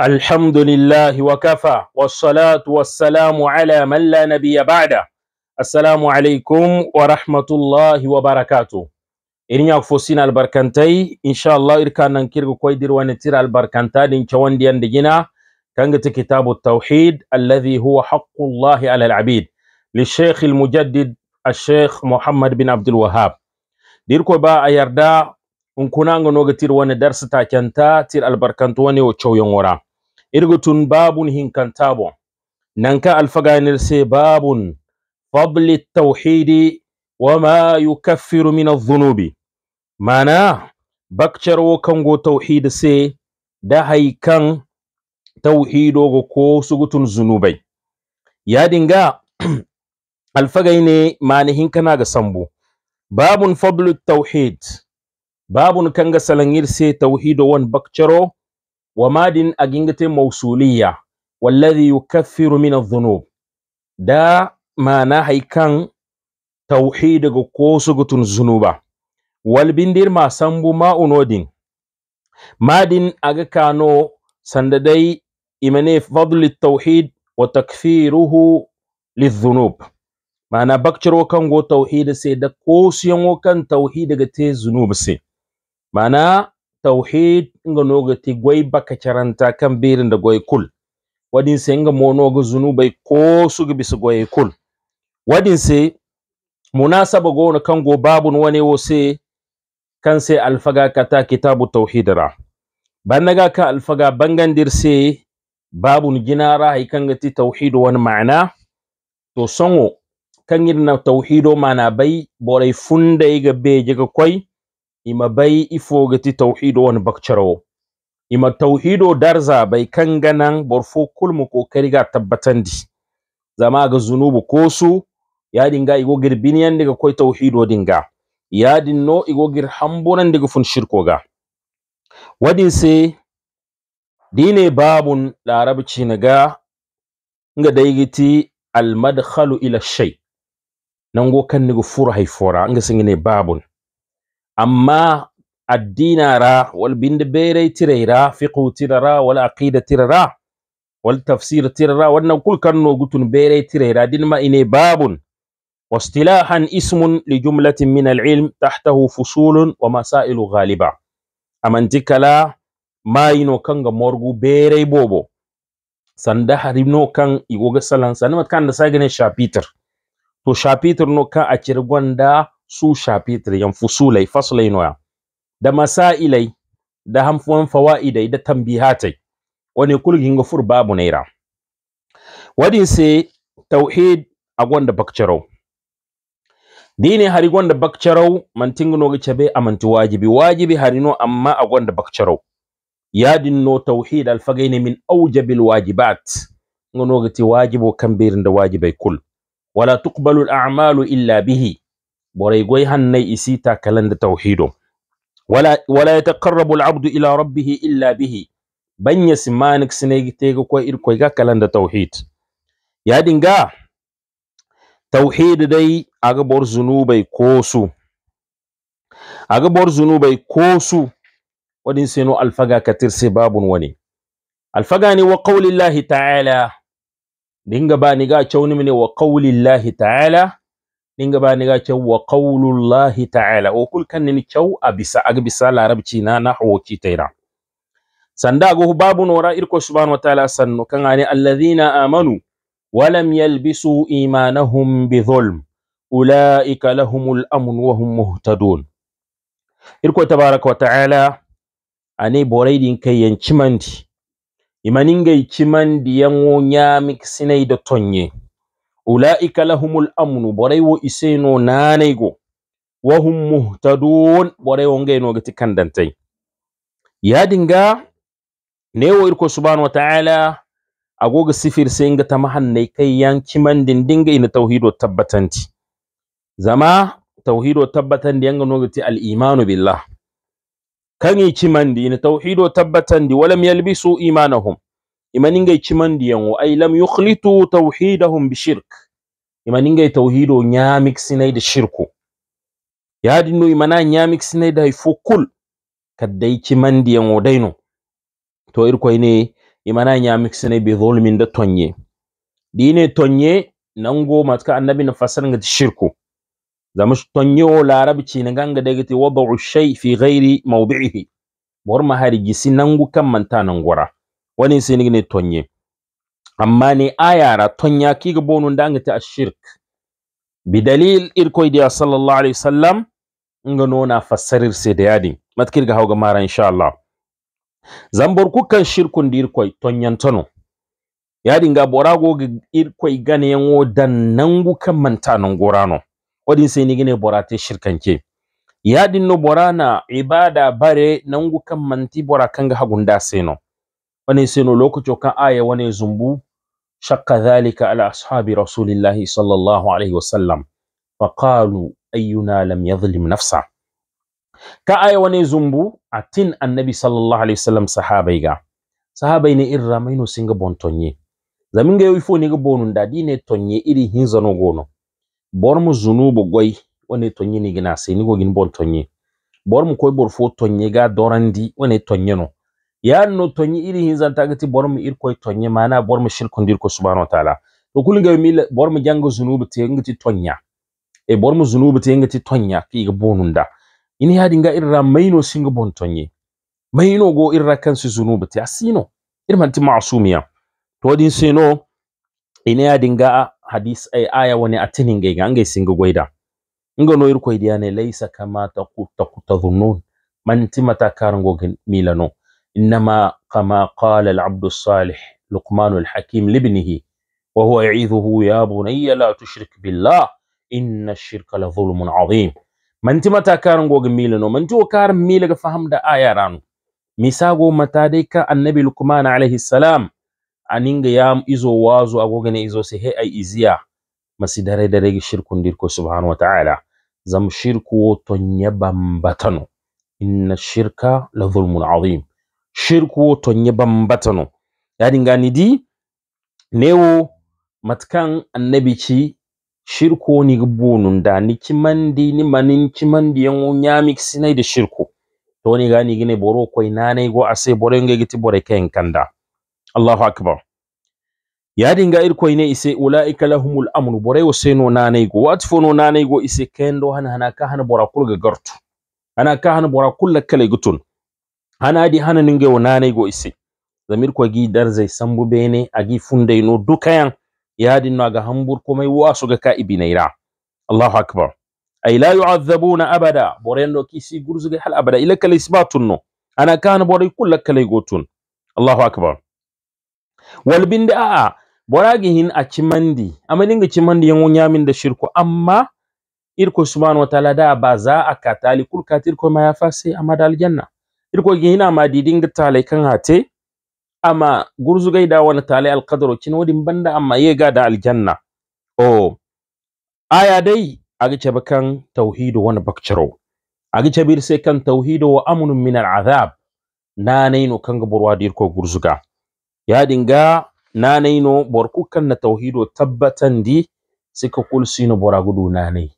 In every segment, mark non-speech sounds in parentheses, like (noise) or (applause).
الحمد لله وكفى والصلاة والسلام على من لا نبي بعده السلام عليكم ورحمة الله وبركاته إرنيا فوسين البركانتي إن شاء الله إركان ننكير كويدر ونتير البركانتا دين كوان ديان دينا كانت كتاب التوحيد الذي هو حق الله على العبيد للشيخ المجدد الشيخ محمد بن عبد الوهاب ديركو با أيردا unkunango noga tir wani darsa ta kyanta tir albarkantu wani wa chowyon irgutun babun hinkantabo nanka alfaganir se babun fadli tauhidi ma yi kafiru adh zunubi?' mana wokan kango tauhidi se da haikan tauhido go ko gutun zunubai ya dinga (clears throat) alfagai ne manihin kana ga sambu babun fadlu tauhid babun kanga salangir se tauhido wan bakcaro wa madin a gingate mausuliya wallazi yukaffiru min adh zunub. da ma haikan hay kan tauhid go kosu zunuba wal bindir ma sambu ma unodin madin aga kano sandadai imane fadl at tauhid wa takfiruhu lidh-dhunub ma na bakchiro kan go sai da kosu yango kan tauhid ga te zunuba sai ma tauhid nga noga ti gwai baka charanta kan birin da gwai kul wadin nga noga zunubai ko gibi bisa gwai kul wadin sai munasaba na kan go babun wane wo sai kan sai alfaga kata kitabu tauhidara bannaga ka alfaga bangandir sai babun ginara hay kan ga ti tauhid wani ma'ana to songo kan na tauhido mana bai borai funda ga beje ga kwai ima bay ifo fogati tawhido wani bakcharo ima tauhido darza bai kan ganan borfo kulmu kokari ga tabbatandi zama ga zunubu kosu ya dinga igo girbiniyan daga koi tawhido dinga ya dinno igo gir hambonan daga fun shirko ga wadin se dine babun larabci naga nga daigiti almadkhalu ila shay nango kan nigo fura hay fura nga singine babun amma addinara wal bere tire ra fiqhu tirara wal aqida tirara wal tafsir tirara wannan kul kanno gutun ra din ma ine babun واصطلاحا اسم لجملة من العلم تحته فصول ومسائل غالبة أمانتكلا ما ينو kanga morgu bere bobo sanda harino kan igoga salan sanda kan da sagane shapiter to shapiter no ka a cirgon su shafi yan fusulai fasulai, noya da masailai da hamfuwan fawaidai da tambihatai wani kulgin gafur babu naira wadin se tauhid a gwanda bakcharo dini hari gwanda bakcharo mantingu no gichabe amanti wajibi wajibi harino amma a gwanda bakcharo yadin no tauhid alfagaini min awjabil wajibat ngono giti wajibu kambirin da wajibai kul wala tuqbalu al a'malu illa bihi boreygoy hannai isita kalanda tawhido wala ya yataqarrabu al'abdu ila rabbih illa bihi banya simanik sinegi tega ko irkoy ga kalanda tauhid ya dinga tawhid dai aga bor zunubai su aga bor zunubai su wadin seno alfaga sai babun wani alfaga ne wa qaulillahi ta'ala dinga ba ni ga chauni mine wa qaulillahi ta'ala ninga ba ga kyau wa qaulullahi ta'ala o kul kan ni bisa abisa agbisa larabci na nahwu kitaira sanda go babu nora irko subhanahu wa ta'ala sanno kan ani alladhina amanu wa lam yalbisu imanahum bi dhulm ulaika lahumul amn wa hum muhtadun irko tabaarak wa ta'ala ane boraydin kayen cimandi imaninga cimandi yango nyamik sinai da tonye ulaika lahumul amnu borewo iseno nanego wahum muhtadun dantai. Ya dinga, ne newo irko subhanahu wa ta'ala agoga sifir sai ta tamahannai kai yanki mandin dinga ina tauhido tabbatanti zama tauhido tabbatan di yanga nogati al-imanu billah kan yi kimandi ina tauhido tabbatan di walam yalbisu imanahum imaninga cimandiyango ay lam yukhlitu tawhidahum bishirk imaninga tawhido nyamik sinayda shirku yaadinno imana ñamiksinay de hay fo kul kadday cimandiyango dayno to ine imana nyamik be bidhulmin da tonye ɗine tonye nangu matka annabi na tishirku shirku zama tonye o larabci na ganga dagati wadau shay fi ghayri mawbihi bor hari gisi nangu kan manta ngwara wani ni ne tonye amma ne ayara tonya kiga bonu da ta ashirk bidalil irko idiya sallallahu alaihi wasallam nga nona fasarir sai da yadin matkir ga hauga mara insha Allah zambor kukan shirkun dir koy tonyan tono yadi ga borago irkoy gane yango dan nangu kan manta non gorano wadin sai ni gine borate shirkanke yadin no borana ibada bare nangu kan manti bora ga hagunda seno wani sino lokacin kan aya wani zumbu shakka dhalika ala ashabi rasulillahi sallallahu alaihi wasallam faqalu ayyuna lam yadhlim nafsa ka aya wani zumbu atin annabi sallallahu alaihi wasallam sahabai ga sahabai ne irra maino singa bontonye zamin ga yoifo ne ga bonun da dine tonye iri hinzano gono bormu zunubu goy wani tonye ni gina sai ni gogin tonye bormu koy borfo tonye ga dorandi wani tonye no no tonyi iri hinzan tagati bormu irkoy tonyi mana bormu shirkundirko subhanahu wa ta'ala to kulga mi bormu janga zunubu te ngati tonya e bormu zunubu te ngati tonya ga bonunda ini hadi nga irra Maino singa bon tonyi maino go irra su zunubu te asino ti ma'sumiya to din sino ina ya dinga hadis ay e, aya woni atinin ga ngai singa goida ngo no irkoy diane laysa kama taqut taqut dhunnun timata karango milano إنما كما قال العبد الصالح لقمان الحكيم لابنه وهو يعيذه يا بني لا تشرك بالله إن الشرك لظلم عظيم manti mata karin gogin mila no manti karin mila ga faham da aya ranu misago mata dai ka annabi lukman alaihi salam aninga ya izo wazo agogane izo se he ai iziya masu dare dare ga shirkun dirko subhanahu wa ta'ala zam shirku to nyabam batano inna shirka la zulmun azim shirkuwo tonye bambatano yaɗingani di newo matkan annabici shirku ni bonunda ni cimandi ni manin cimandi yango nyamik da shirku to ni gani gine boro koy nanai go ase nge giti bore ken kanda Allahu akbar yadinga ir koy ne ise ulaika lahumul amru bore wo seno nanai go watfo no nanai go ise kendo hana hana ka han bora kulga gartu ana ka han bora kulla kale gutun hana di hana ninge wanane go isi zamir kwa gi darzai sambu bene agi funde no dukayan yadi no aga hambur ko wasu ga ka ibinaira Allahu akbar ay la yu'adhabuna abada borendo kisi gurzuge hal abada ila kala isbatun no ana kana boray kullakale gotun Allahu akbar wal bindi a'a hin a cimandi amalinga cimandi yango nyamin da shirku amma irko subhanahu wa ta'ala da ba za a katali kul katir ko ma ya amma da janna. gini hina ma didinga talai kan hate amma gurzugai wona talai alkadaro cin wodin banda amma ga da aljanna o aya dai aga cebe kan tauhido A bakciro ce bir sai kan Tauhidu wa amnun min alazab kan kanga da irko gurzuga na nanayno borku kanna tauhido tabbatandi sika kulsino boragudu nanay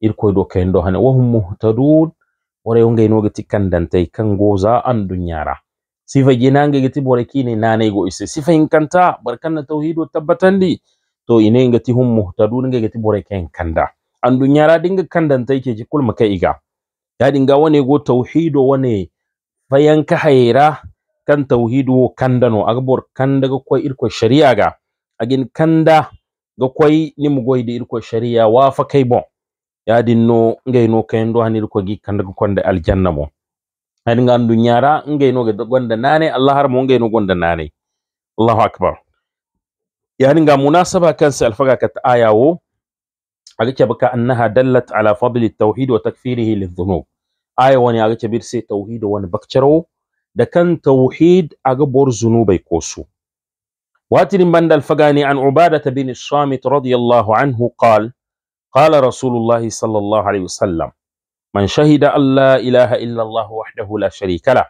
irkoydo kayndo hane wahum muhtadun ore onge ino gati kandante kango za andunyara. dunyara sifa ginange gati bore kine nane go isi sifa inkanta barkanna Tauhidu tabatandi to ine ngati hum muhtadu nge gati bore ken kanda Andunyara dunyara dinga kandante ke jikul kulma ka iga ya dinga wane go Tauhidu wane fayanka hayra kan Tauhidu kandano agbor kanda go kwa irko sharia ga agin kanda go koy da irko sharia wafa kai yadinno ngayno kayendo hanir ko gi kanda ko konde aljanna mo hani gandu nyara ngayno ge gonda nane allah har mo ngayno gonda nane allahu akbar yani nga munasaba kansa alfaga kat ayawo agace baka annaha dallat ala fadli tauhid wa takfirihi lidhunub aya wani agace bir sai tauhid wani bakcaro da kan tauhid aga bor zunubai kosu واتر بند الفقاني عن عبادة بن الصامت رضي الله عنه قال قال رسول الله صلى الله عليه وسلم من شهد أن لا إله إلا الله وحده لا شريك له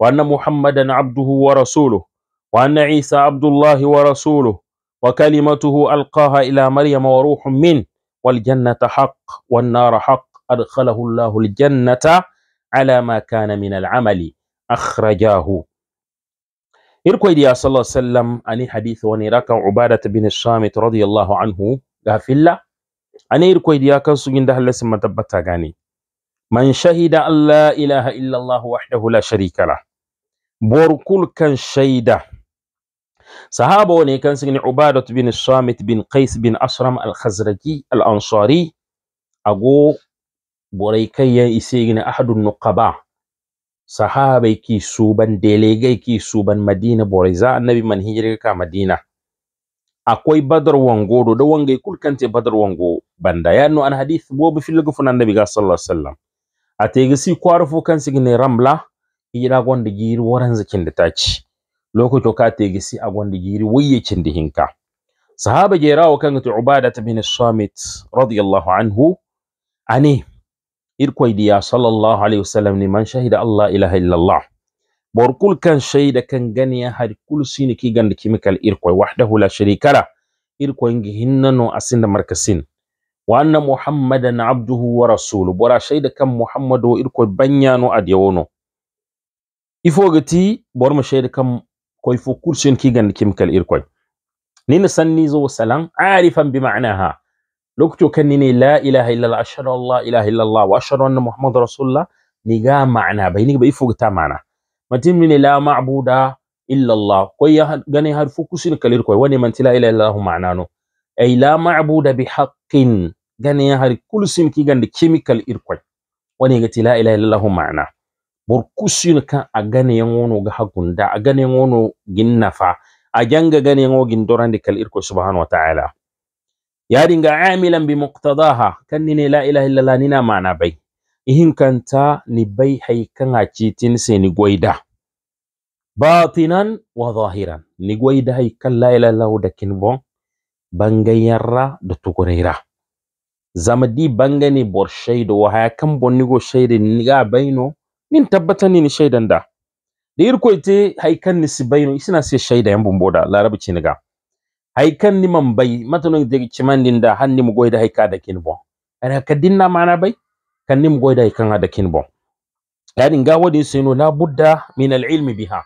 وأن محمدا عبده ورسوله وأن عيسى عبد الله ورسوله وكلمته ألقاها إلى مريم وروح منه والجنة حق والنار حق أدخله الله الجنة على ما كان من العمل أخرجاه irko idi الله sallallahu alaihi wasallam ani hadith wani بن الشامت رضي الله عنه anhu gafilla ane irkoy diya kan sugin da halas matabbata man shahida alla ilaha illa allah wahdahu la sharika la bor kan shaida sahaba woni kan sugin ubadat bin samit bin qais bin asram al khazraki al ansari ago borai kai ya nukaba. ahadun sahabai ki suban delegai ki suban madina borai annabi man hijira madina akwai badar wango do da wangai kulkante badar wango banda ya yanno an hadith bo bi filgu funan nabi ga sallallahu alaihi wasallam ategi si kwarufu kan ne ramla ira gonda giri waran zikin da taci lokoto ka tegi si a gonda giri wayyacin da hinka sahaba rawo kan ta ubada ta bin samit radiyallahu anhu ani irkoy diya sallallahu alaihi wasallam ni man shahida allah ilaha illallah kul kan shaida kan gani ya har kul sini ki ganda kimikal irkoy wahdahu la sharika la irkoy ngi no asinda markasin wa anna muhammadan abduhu wa rasuluhu bora shaida kan muhammado irko banyano adiyawono ifogati bor ma shaida kan koy fo kursin ki gandi kimkal irkoy nina sanni zo salam arifan bi ma'naha lokto kan nini la ilaha illa allah ashhadu an la ilaha illa allah wa ashhadu anna muhammadar rasulullah ni ga ma'ana bai ni ba ifogata ma'ana matin nini la ma'buda illa allah koy ya gane har fo kursin kal irkoy wani man la ilaha illa allah ma'nano ay la ma'buda bi haqqin gane hari kulsim ki gande chemical irkwai. wani ga la ilaha illallah ma'ana burkusin kan a gane yan wono ga hagunda a gane yan wono ginnafa a ganga gane yan wogin dorandi kal irkoy subhanahu wa ya dinga amilan bi muqtadaha kan ne la ilaha illallah nina ma'ana bai ihin kanta ni bai haikan a citin sai ni goida batinan wa zahiran ni goida haikan la ilaha illallah da kinbon bangayarra da tukurera zamadi bangane bor wa haya kambo nigo sheyde niga bayno nin tabbatanini sheydanda de irkoyte hay ni si bayno isina se sheyda yan bumboda larabi ciniga hay kanni man bay matano deg cimandinda hanni mo goyda hay kada kin bon ana kadinna mana bay kanni mo goyda hay kan hada yani ga wadin sino la buddha minal ilmi biha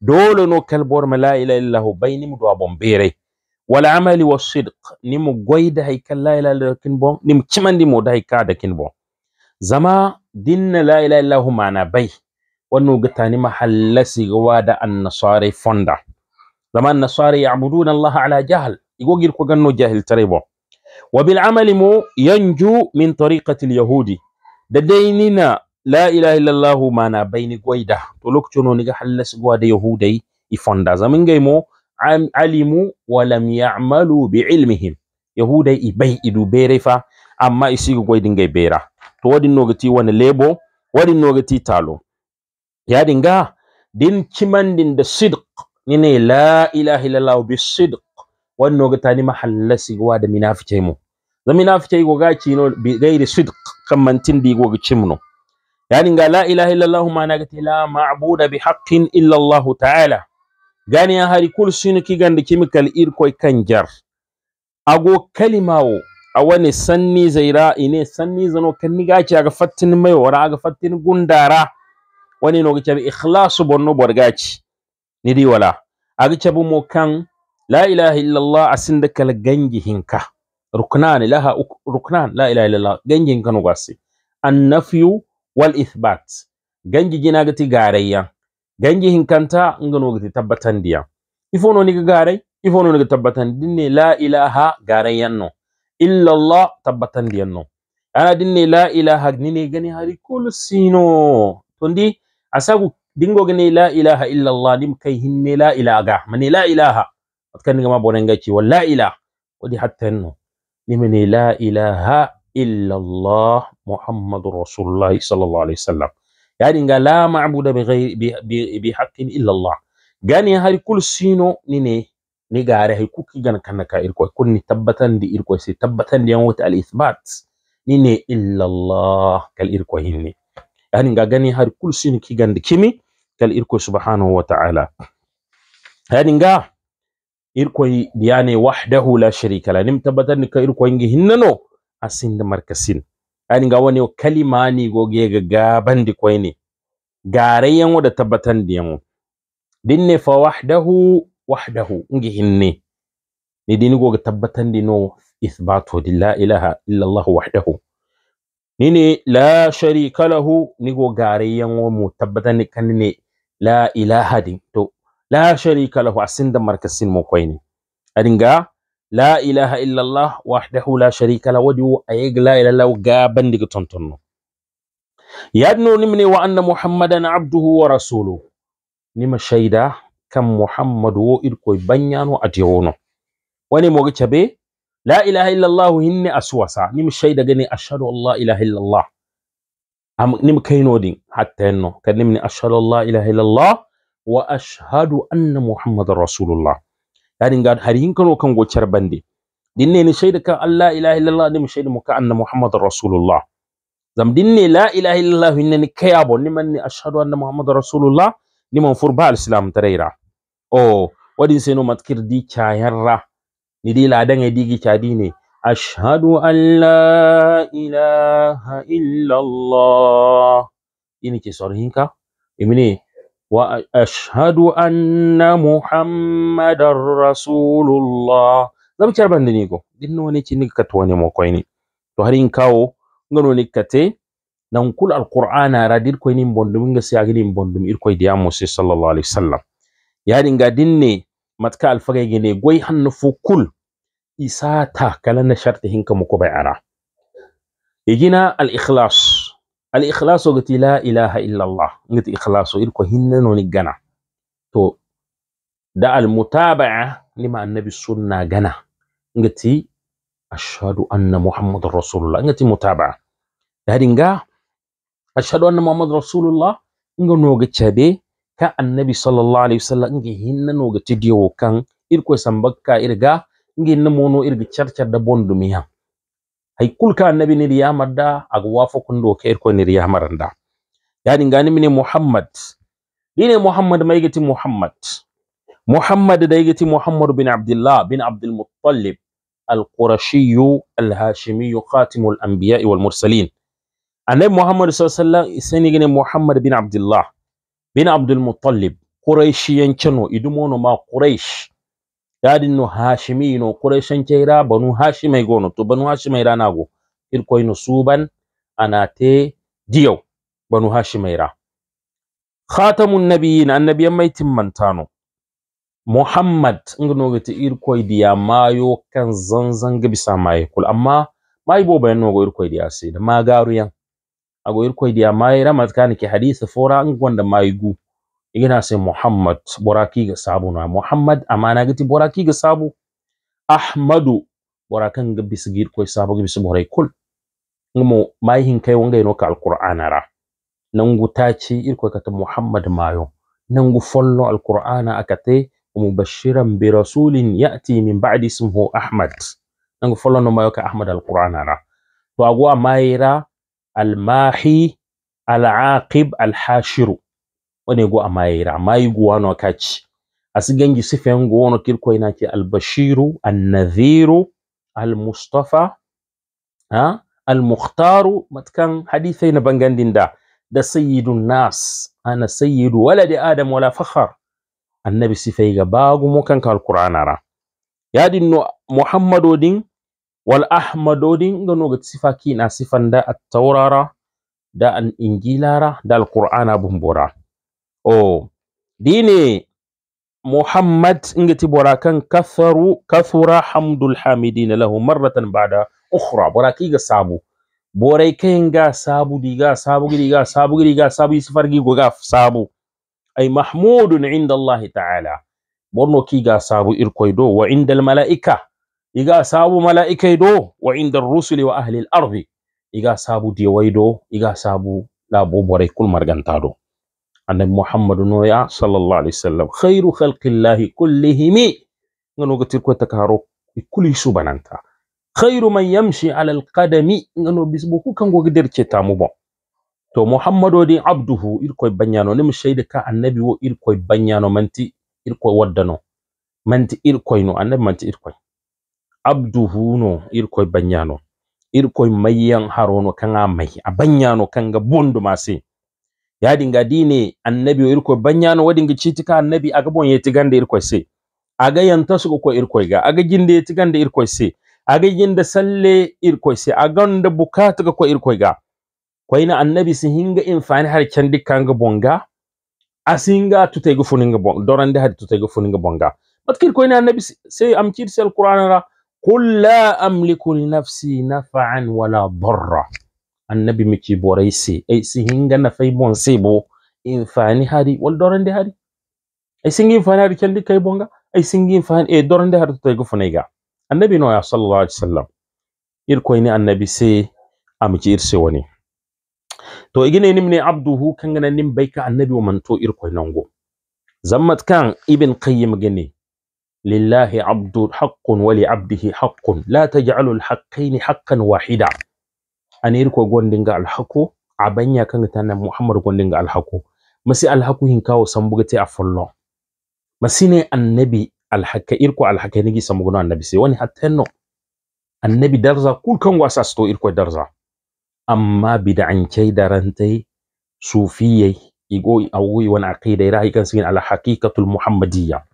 dole no kalbor malaila la illahu baini mu do wala amali wa sidq ni mo goyda hay kan la ilaha illa kin bon ni mo cimandi mo da hay kada kin bon zama dinna la ilaha illa hu mana bai wannan gutani mahallasi gawa da annasari fonda zama annasari ya'buduna Allah ala jahl igogir ko ganno jahil tarebo wa bil amali mu yanju min tariqati al yahudi da dainina la ilaha illa Allah mana bai ni goyda to lokacin no ni ga hallas gawa da yahudai ifonda zamin gaimo alimu wa lam ya'malu bi ilmihim yahuda i bai idu berefa amma isi go goy dinga bera to wadin nogati wani lebo wadin nogati talo ya dinga din din da sidq ne la ilaha illallah bi sidq wadin nogata ni mahallasi wa da minafice mu da minafice go ga kino bi gairi sidq kan mantin di go cimno ya dinga la ilaha illallah ma na gati la ma'budu bi haqqin illallahu ta'ala gani yan hari kul sinu kigande chemical irkoy kanjar ago kalimawo a wani sanni zaira ine sanni zano kanni gaci aga fattin mai wara aga fattin gundara wani no gaci ikhlasu bonno borgaci ni di wala aga cabu mo kan la ilaha illallah asindakal kala ganji hinka ruknan laha ruknan la ilaha illallah ganji hinka no gasi an nafyu wal ithbat ganji jina gati garayya ganji hinkanta ngano gati tabbatan diya ifono ni garai ifono ni tabbatan dinne la ilaha garai yanno illa allah tabbatan diyanno ana dinne la ilaha gnini gani hari kul sino tondi asagu dingo gani la ilaha illa allah dim kai hinne la ilaha man la ilaha atkan ngama bonenga ci la ilaha ودي حتى انه لمن لا اله الا الله محمد رسول الله صلى الله عليه وسلم yani nga la ma'budu bi ghayri bi, bi, haqqin illa Allah gani har kul sino ni ne ni gare hay kuki gan kan ka irko kun ni tabbatan di irko sai tabbatan di yawta wata al ithbat ni ne illa Allah kal irko hinni yani nga gani har kul sino ki gan kimi kal irko subhanahu wa ta'ala yani nga irko diyane wahdahu la sharika la nim tabbatan ka irko ngi hinnano asinda markasin yani ga wani kalima ni goge ga gaban di koy ne yan wada tabbatan di yamu ne fa wahdahu wahdahu ngi hinne ni din goge tabbatan di no isbatu di la ilaha illa allah wahdahu ni ne la sharika lahu ni go yan wo mu tabbatan ni kan ne la ilaha din to la sharika lahu asinda markasin mo koy ne adinga la ilaha illallah wahdahu la sharika la wadi wo ayeg la ilaha ga bandigi tontonno yadno nimne wa anna muhammadan abduhu wa rasuluhu nima shaida kan muhammadu wo irkoy banyano ati wono wani mogi cabe la ilaha illallah hinne aswasa nima shaida gani ashhadu an la ilaha illallah am nim kaynodin hatta enno kad nimni ashhadu an la ilaha illallah wa ashhadu anna muhammadan rasulullah yani ga harin hinkano kan gocar bande dinne ni shaida kan allah ilaha illallah ni shaida muka anna muhammadar rasulullah zam dinne la ilaha illallah hinne ni kayabo ni man ni ashhadu anna muhammadar rasulullah ni man furba alislam tarayra o wadin seno matkir di chayarra ni di dan di gi chadi ne ashhadu an la ilaha illallah ini ke sorhinka imini وأشهد أن محمدا رسول الله zamu ci arban dini go din no ne ci ni ka to ne mo to hari in kawo ngano ne kate nan kul alqur'ana radir koyni bondum nga siagini bondum ir koy diya musa sallallahu alaihi wasallam ya dinga dinne matka alfaga gene goy hannu fu kul isata kala na sharti hinka mu ko bai ara igina al ikhlas الإخلاص قلت لا إله إلا الله قلت إخلاص إلكو هنا نجنا تو ده المتابعة لما النبي السنة جنا قلت أشهد أن محمد رسول الله قلت متابعة هذين قا أشهد أن محمد رسول الله إنه نوجد شبيه kan annabi sallallahu alaihi wasallam ngi hinna no ga tidiyo kan irko sambakka إرجع إنه namono إرجع شر شر دبون miya hay kulka annabi ni a aga wafa kundo ko ni riyamaranda yani ngani mini muhammad ine muhammad maygeti muhammad muhammad daygeti muhammad bin abdullah bin abdul muttalib القرشي al anbiya wal mursalin annabi Muhammad sallallahu alaihi wasallam isani Muhammad bin Abdullah bin Abdul Muttalib Quraishiyan Kano idumono ma Quraish gadin no hashimi no quraishan keira banu hashimai gono to banu hashimai rana go irkoi no suban anate diyo banu hashimai ra khatamun nabiyyin annabiyan mai timmantano muhammad ngno gati irkoi diya mayo kan zanzan gabisa mai kul amma mai bo bayan no go irkoi diya sai da magaru yan ago irkoi diya mai ramat kanike hadisi fora ngwanda gu yana sai muhammad boraki ga sabu na muhammad amana gati boraki ga sabu ahmadu borakan ga bisigir ko sabu ga bisu borai kul ngumo mai hin kai wanga ino ka alqur'ana ra nangu taci irko kata muhammad mayo nangu follo alqur'ana akate mubashiran bi rasulin ya'ti min ba'di ismuhu ahmad nangu follo no mayo ka ahmad alqur'ana ra to agwa mayra almahi alaqib alhashiru a go onego amayira mayigu wano kachi asigangi sife ngo wono kirko ke albashiru annaziru almustafa ha almukhtaru matkan hadithai na bangandin da da sayyidun nas ana sayyidu waladi adam wala fakhar annabi sifai ga bagu mu kan alqur'ana ra yadin no muhammadodin wal ahmadodin gano ga sifaki na sifan da at-taurara da al ingilara, da al bumbura oh dini muhammad ingati borakan katharu kathura hamdul hamidin lahu marratan ba'da ukhra boraki ga sabu borai kenga sabu diga sabu diga sabu diga sabu isfargi go gaf sabu ay mahmudun inda allah ta'ala borno ki ga sabu irkoy do wa indal malaika iga sabu malaika do wa inda rusuli wa ahli al iga sabu diwaido iga sabu la bo borai kul margantado annabi muhammadu noya sallallahu alaihi wasallam khairu khalqillahi kullihimi ngano gatir ko takaro khairu man yamshi ala alqadami ngano bisbu ku kango to muhammadu di abduhu irko banyano nim shaida ka annabi wo irko banyano manti irko waddano manti irko no annabi manti irko abduhu no irko banyano irko mayyan harono kan amai banyano kan ga bondo masi Ya dinga dine annabi irko irkoye bañano waɗinga ciitika annabi aga bon yetigande irkoye se aga yantasugo ko irko ga aga jinde yetigande irkoye se aga jinde salle irkoye se aganda bukataga ko irkoye ga koyna annabi si hinga infani har candi ga. bonga asi hinga tutayga funinga bon dorande hadi tutayga ga. bonga batkir na annabi se am ciirsel qur'anara qul la amliku li nafsi nafaan wala darra annabi miki borai se ai si hinga na fai bon se bo infani hari wal doran de hari ai singi infani hari kendi kai bonga ai singi infani e eh doran de hari to go funaiga annabi no ya sallallahu alaihi wasallam ir koy ni annabi se amci ir se woni to igine nim ne abduhu kangana nim baika annabi wa man to ir koy nango zammat kan ibn qayyim gani لله عبد حق ولعبده حق لا تجعلوا الحقين حقا واحدا anirko gondinga alhako abanya kanga tana muhammad gondinga alhako masi alhaku hinkawo sambugate a Masi masine annabi alhaka irko alhaka nigi sambugono annabi sai wani hatenno annabi darza kul kan wasa sto irko darza amma kai darantai sufiyai igo awoyi wani aqida ira kan sin alhaqiqatul muhammadiyya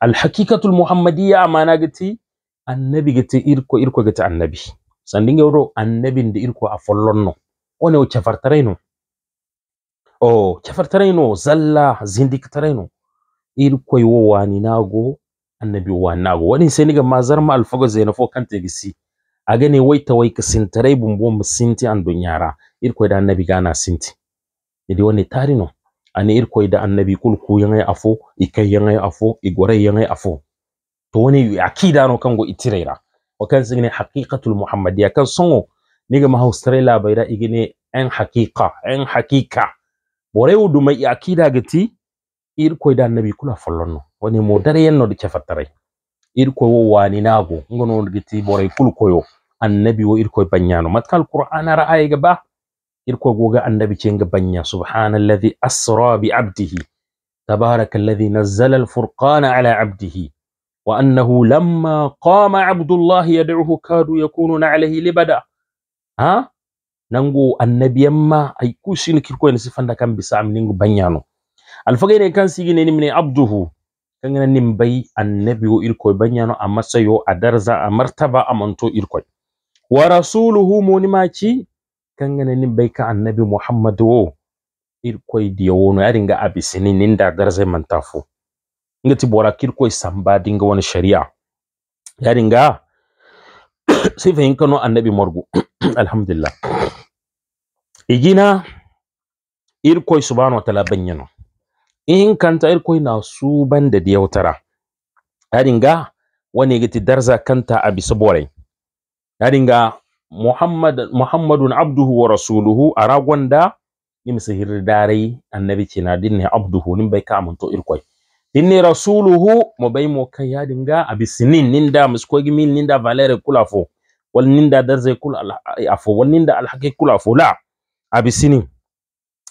alhaqiqatul muhammadiyya amana gati annabi gati irko irko gati annabi sandinge annabin da irko a follon no one o cafartarayno o cafartarayno zalla zindiktarayno irkoye wo waninago annabi o wannago ga mazar ma zarma alfago zena fo A si wai ta wai ka sintarai bumbo mo sinti an don yara irkoye da annabi gana sinti idi tari no ani irko da annabi ku yanga afo ikai yanga afo igore yanga afo to akida no kango itireira wa kan sigine haqiqatul ya kan songo niga ma haustare bayra igine en haqiqa en haqiqa bore wudu mai akida gati ir koy da nabi kula fallonno woni mo dare yenno de cefattare ir koy wo wani nago ngono gati bore kul koyo annabi wo ir koy banyano matkal qur'ana ra'ayi gaba ir koy goga annabi cenga banya subhanalladhi asra bi abdihi تبارك nazzala نزل furkana ala abdihi. وأنه لما قام عبد الله يدعوه كاد يكون عليه لبدا ها nango annabiyan ma ay kusini kirko en sifanda kan bisa am ningo banyano alfagay ne kan sigi ne nimne abduhu kan ngana nim bay annabi wo irko banyano amma sayo adarza a martaba amanto irko wa rasuluhu moni maci kan ngana nim bay ka annabi muhammad wo irko diyawono yaringa a ninda darza mantafu Inga ti bora kirko samba dinga wani shari'a ya dinga sai (clears throat) fahim kano annabi morgu (clears throat) alhamdulillah igina irkoi subhanahu ta'ala banyano in kanta irkoi na su banda da yautara ya dinga wani gati darza kanta a bisa borai ya dinga muhammad muhammadun abduhu wa rasuluhu a ragon da nim darai annabi kina dinne abduhu Ni bai ka kamunto irkoi inni rasuluhu mo bay mo nga abisinin ninda miskogi min ninda valere kula fo wal ninda darze kula eh, afo wal ninda alhaqi kula fo la abisinin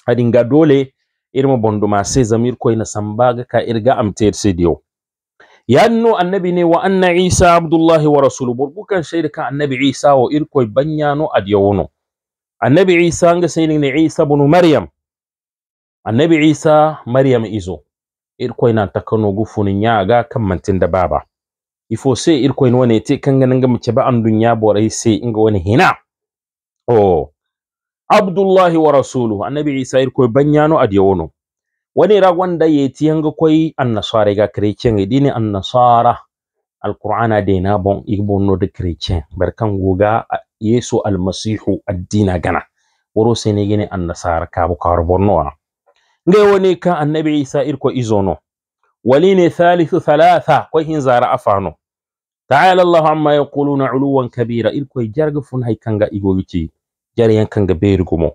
adinga dole irma bondo ma sai zamir ko ina sambaga ka irga amter se diyo yanno annabi ne wa anna isa abdullahi wa rasulu burbukan shaida ka annabi isa wa irko banyano adiyono annabi isa nga sai ne isa ibn maryam annabi isa maryam izo irkoina ya ga kan mantin da baba ifo se irkoin wane te ba an dunya borai sai inga wani hina oh abdullahi wa rasulu annabi isa irkoi banyano adiyono wani ra wanda yeti yanga koi annasara ga kreken dini annasara alqur'ana de na bon no de kreken barkan goga yesu almasihu addina gana woro senegene annasara ka bukawar karbonno ngai wani kan annabi isa irko izono wali ne thalithu thalatha ko hin zara afano ta'ala allah amma yaquluna uluwan kabira irko e jarga fun hay kanga igo jariyan kanga beirgumo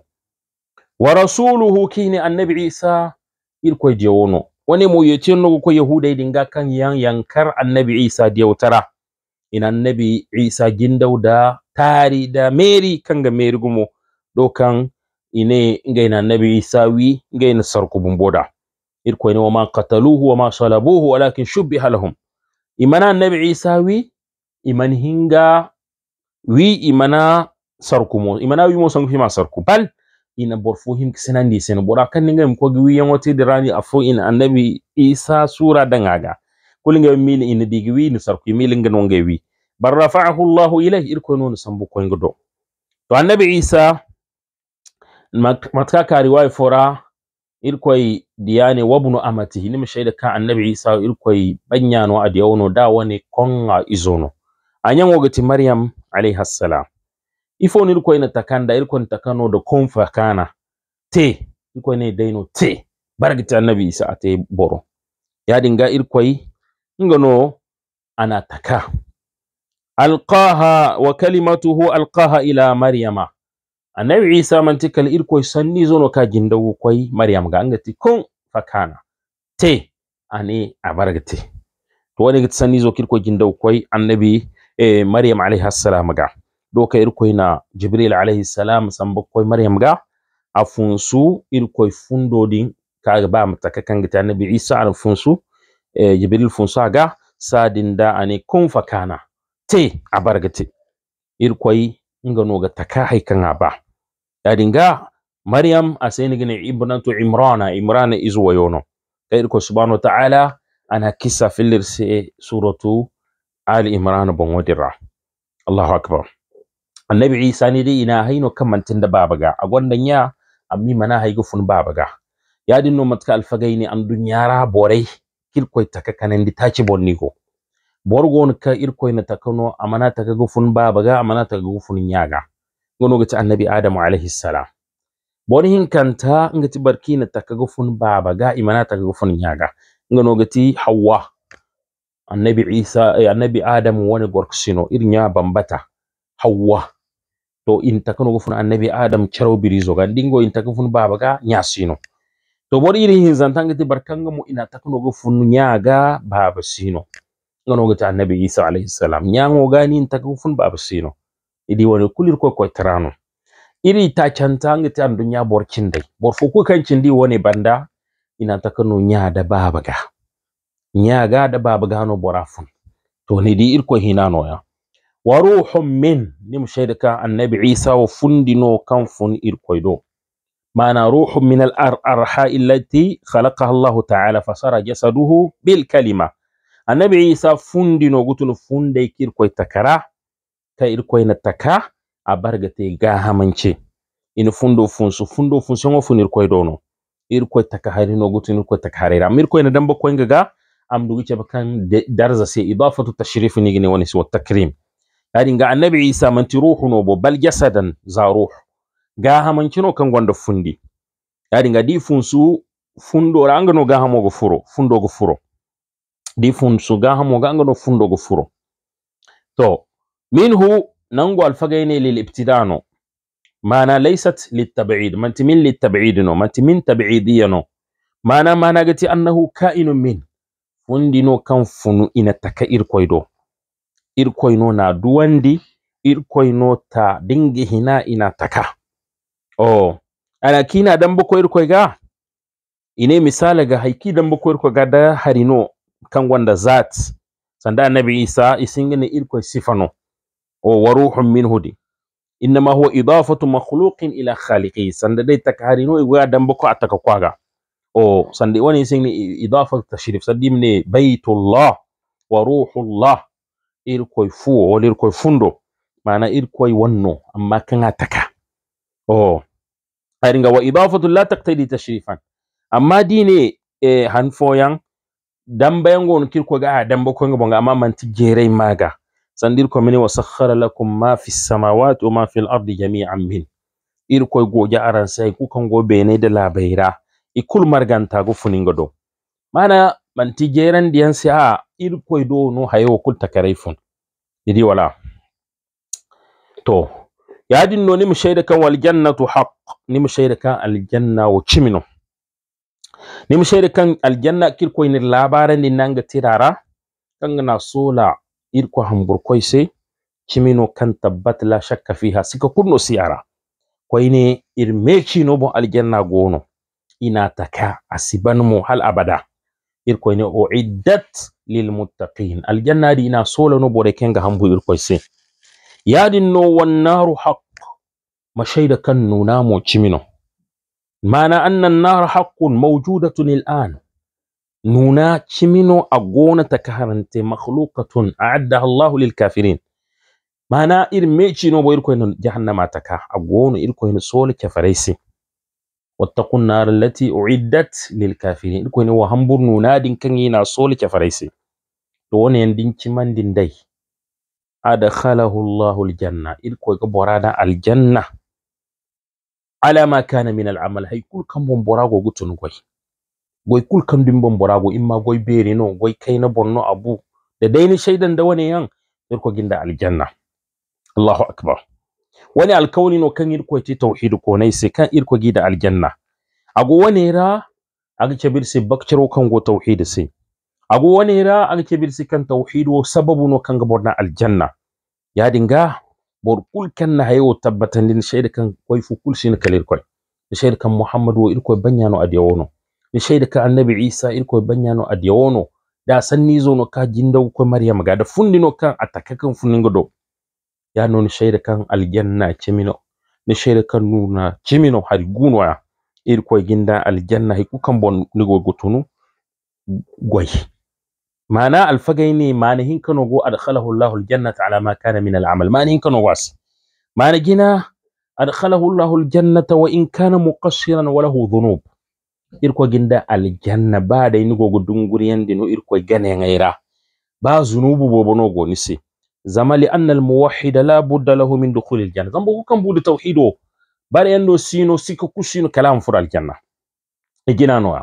wa rasuluhu kini annabi isa irko e jewono wani mu yace nugo ko yahudai dinga kan yan yankar annabi isa diyautara ina annabi isa gindauda tari da meri kanga meri gumo dokan ine ngayna nabi sawi ngayna sarku bumboda ma kataluhu qataluhu ma salabuhu walakin shubbiha lahum imana nabi isawi iman hinga wi imana sarku mo imana wi mo sangu fima sarku bal ina borfo him ndi sen bora kan ninga mko gi wi yangote dirani afu ina annabi isa sura dangaga kulinga mil ina digi wi ni sarku mil ngan wonge wi bar rafa'ahu allah ilayhi irkoyno sambu koyngo do to annabi isa matka ka riwaya fora irkoi diyane wabnu amatihi nima shaida ka annabi isa irkoi banyano adiyawno da wani konga izono anyan wogati mariam alayhi salam ni irkoi na takanda irkoi takano da konfa kana te irkoi ne daino te baragita annabi isa ate boro ya dinga irkoi ngano ana taka alqaha wa kalimatuhu alqaha ila mariamah annabi isa man tikal irko zono ka jindawo koy maryam ga angati kun fakana te ani abargate to wani gati sannizo kirko jindawo koy annabi e maryam alayhi ga doka irko na jibril alayhi salam sambo koy maryam ga afunsu irkoy fundodin ka ba mataka kangati annabi isa an funsu eh, jibril funsa ga sadinda ani kun fakana te abargate irkoy nga noga taka haikan ba yadinga maryam asenigine ibnatu imrana imrana isuwayono kayɗiko subhanahu wa taala ana kisa filirse suratu ali imrana Bonwadira. allahu akbar annabi isa ni dai ina haino kamantin da babaga a gwandan ya ammi mana haigu fun babaga ya dinno matka alfagai ne an dunyara borai kirkoi taka kanan di bonni ko borgon ka irkoi na takano amana taka gufun babaga amana taka gufun nyaga ngono ga ci annabi adamu alaihi salam boni hinkanta nga ti barkina takagufun baba ga imana takagufun nyaga ngono ga ti hawa annabi isa eh, annabi adamu wani gorksino irnya bambata hawa to in takano gufun annabi adam charo birizo ga dingo in takagufun baba ga nyasino to bori iri hin nga ti barkanga mu ina takano gufun nyaga baba sino ngono ga ti annabi isa alaihi salam nyango gani in takagufun baba sino idi wani kulir ko ko trano iri ta canta ngi ta dunya borkin dai. Borfo ko kan cindi wani banda ina ta kanu nya da babaga nya ga da babaga no borafun to ni di irko no ya wa ruhum min nim shaydaka annabi isa wa fundino kan fun irkoido معنى روح من الأرحاء التي خلقها الله تعالى فصار jasaduhu bil kalima annabi isa fundino فندي funde kirko takara. ka irkoyna taka a barga ta ga hamance ina fundo funso fundo funsiongo fun irkoy dono Irkoi taka harino gutu irkoi taka harira am na damba koynga ga am dugi ce bakan darza sai idafatu tashrif gine wani so takrim yari ga annabi isa ti ruhu no bo bal jasadan za ruh ga no kan gonda fundi yari ga di funsu fundo no ga go furo fundo go furo di funsu ga ga angano fundo go furo to minhu nango alfagayne lil ibtidano mana laysat litabid manti min litabid no manti min tabidiya no mana mana gati annahu ka'inun min fundino kan funu ina taka irkoydo irkoyno na duwandi irkoyno ta dingi hina ina taka oh ana kina dan bako irkoy ga ine misala haiki dan bako ga da harino kan gwanda zat sanda annabi isa isingine irkoy sifano wa ruhun min hudi innama huwa idafatu makhluqin ila khaliqi sanda dai takarino igwa dan bako ataka kwaga o sanda wani sin ni idafatu tashrif sadim ne baitullah wa fu wal ir koy fundo mana wanno amma kan ataka o wa idafatu la taqtadi amma dine eh, hanfoyan dan bayan gon kirko ga amma man tigere maga ko mini wa sakhara lakum ma fi samawati wa ma al ardi jami'an min irkoy goje aran sai ku kan go da labaira ikul marganta go funinga do mana manti jeran diyan sai a irkoy do no hayo kul takaraifun idi wala to yadin no ni mu shaida kan wal jannatu haqq ni mu shaida kan al janna wa chimino ni mu shaida kan al janna kirkoy ni labaran ni nanga tirara kan na sola irko se cimino kan tabbat la shakka fiha sika kunno siyara ne ir no bo aljanna gono taka asiban mu hal abada ne o iddat lil muttaqin aljanna di ina bo de kenga hambu se yadin no naru haq mashaida kan mo cimino mana anna an-nar haqqun mawjudatun al-an nuna cimino a gona ta kaharante a a'addaha Allahu lil kafirin mana ir Cino bo irkoyno jahannama taka a gono irkoyno sole kafarayse wattaqun nar allati uiddat lil kafirin irkoyno wo hambur nuna din kan yana sole kafarayse to woni en din cimandin dai adkhalahu Allahu al janna irkoy ko borada al janna ala ma kana min al amal hay kul kam bon borago gutun goi kul kam dum borago imma goi beri no goi kaina bonno abu da dai shaidan da wani yan irko ginda aljanna Allahu akbar wani alkawli no kan irko ti tauhid ko nai sai kan irko gida aljanna ago wani ra aga cebir sai bakciro kan go tauhid sai ago wani ra aga cebir sai kan tauhid wo sababu no kan na aljanna ya dinga bor kul kan na hayo tabbatan din shaidan kan koy fu kul sin kalir koi shaidan kan muhammadu irko banyano adiyawono Ni shaida ka annabi isa irkoye bañano adiyono da sanni no ka jindaw ko Maryam ga da no kan attaka kan funningo ya yano ni shaida kan aljanna chimino ni shaida kan nuna har hari gunoya irkoye ginda aljanna hiku kan bon go gotunu gwai. mana alfagaini mana go adkhalahu llahu aljannata ala ma kana min alamal mana hinkanogo was mana gina adkhalahu llahu aljannata wa in kana muqassiran lahu dhunub irko ginda aljanna ba da ni gogo dunguriyan no irko gane ngaira ba zunubu bobo no go nisi zama li anna al muwahhid la budda lahu min dukhul al janna zambo kan budu tauhido bare yando sino sika kusino kalam fur al janna e gina no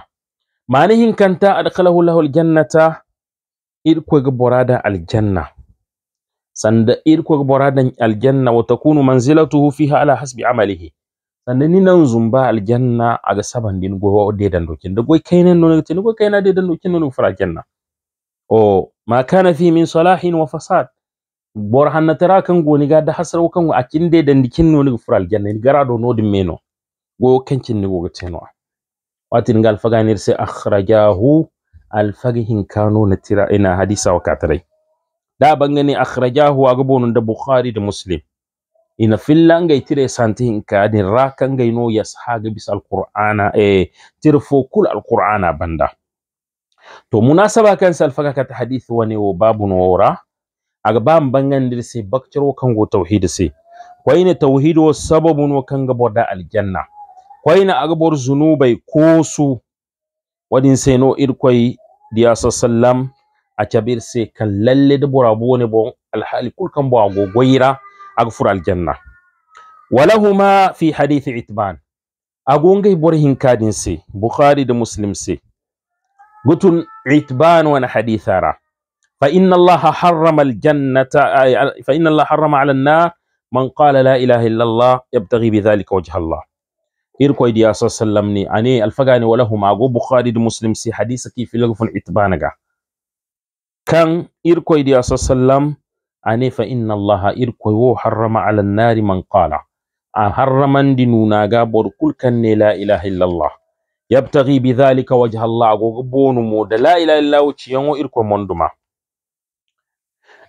mani kanta adkhalahu lahu al jannata irko ga borada al janna sanda irko ga borada al janna wa takunu manzilatuhu fiha ala hasbi amalihi nan zumba aljanna aga sabandin go dedan dokin da goy kaynen no tin go de dedan dokin no fura janna o ma kana fi min salahin wa fasad bor hanna tara kan go ni gada hasar kan a de dedan dikin no fura aljanna ni garado no dim meno go kancin ni go teno watin gal faganir se akhrajahu alfagihin kano na tira ina hadisa wa katarai da bangane akhrajahu a gabonin da bukhari da muslim ina fillangay tire santihin kadin rakangay no yashaga bis alqur'ana e tire fo alqur'ana banda to munasaba kan salfaka ta hadith wani wo babu no wora aga bam bangandir se bakciro kango tauhid se koyne tauhid wo sababu no kanga da aljanna kwaina aga bor zunubai su wadin se no irkoy diya sallam a cabir se kan lalle da burabu ne bon alhali kul kan bo agogoyira أغفر الجنة ولهما في حديث عتبان أقول بره كادن سي بخاري دا مسلم سي قتن عتبان وانا حديث أرى فإن الله حرم الجنة فإن الله حرم على النار من قال لا إله إلا الله يبتغي بذلك وجه الله إيركو يدي أساس سلمني أني الفقاني ولهما أقول بخاري دا مسلم سي حديث كيف لغفن عتبانك كان إيركو يدي أساس سلم ane fa inna Allah ir ko wo harrama ala nari man qala a harraman di nuna ga bor kulkan ne la ilaha illallah yabtaghi bidhalika wajha Allah go bonu mo da la ilaha illallah ci yango irko ko monduma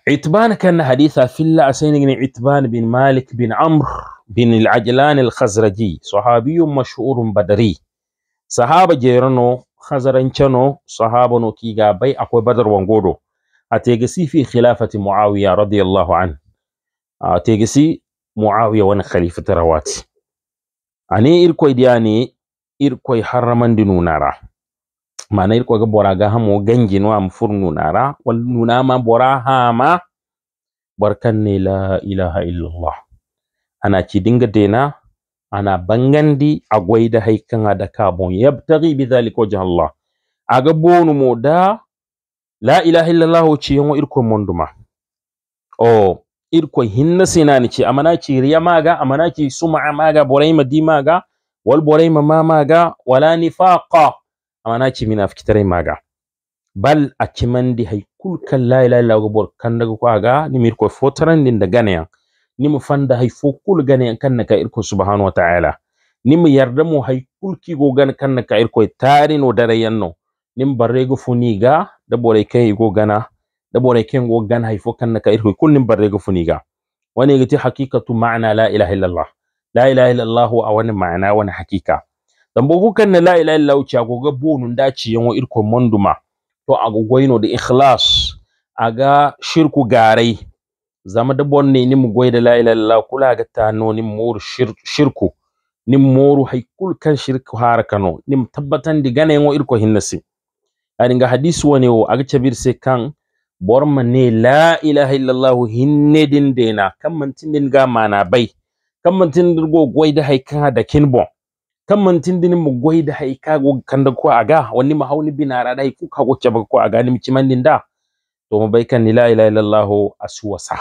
itban Kana haditha filla asaini ni itban bin malik bin amr bin al-ajlan al-khazraji sahabiyyun mashhurun Badari, sahaba jeyrano khazaran chano sahabo no kiga bai akwai badar wangodo godo a tegasi fi khilafati mu'awiyah radiyallahu an a mu'awiya wani khalifa ta rawati ani irkoi dia ni irkoi haraman dinu nara mana irkoi ga boraga ha mo gangi no am furnu nara nuna ma boraha ma barkan ni la illallah ana ci dinga dena ana bangandi agwaida haikan ada kabon yabtagi bidhalika jalla aga bonu moda la ilaha illallah ce yan irkon monduma o irkon hinna sinani ce amana ci riya maga amana ci suma maga borayma di maga wal borayma ma maga wala nifaqa amana ci fikitare maga bal a cimandi hay kul kan la ilaha illallah go bor daga ko aga ni mirko din daga ne ni mu fanda hay fo kul ganeyan kanna ka irko subhanahu wa ta'ala ni mu yarda mu hay kul go gan kan naka irko tarino darayanno nin barrego funiga da bore kai go gana da bore ken go gana hay fo kanna ka irko kunnin barrego funiga wani ti hakikatu ma'ana la ilaha illallah la ilaha illallah a wani ma'ana wani hakika. dan bo kan la ilaha illallah cha go ga bonun da ci wo irko monduma to agogoyno da ikhlas aga shirku garai zama da bonne ni mu goyda la ilaha illallah kula ga no ni mur shirku nim moru hay kul kan shirku harakano nim tabbatan di gane wo irko hinnasi nga hadisi wani o aga cabir se kan borma ne la ilaha illallahu hinnedin dena din ga mana tin din go da hay kan da kin din mu mo da hay ka go da ko aga wani ma hawni binara dai ku ka go ba ko aga man din da to mu bai kan ni la ilaha illallahu asuwasa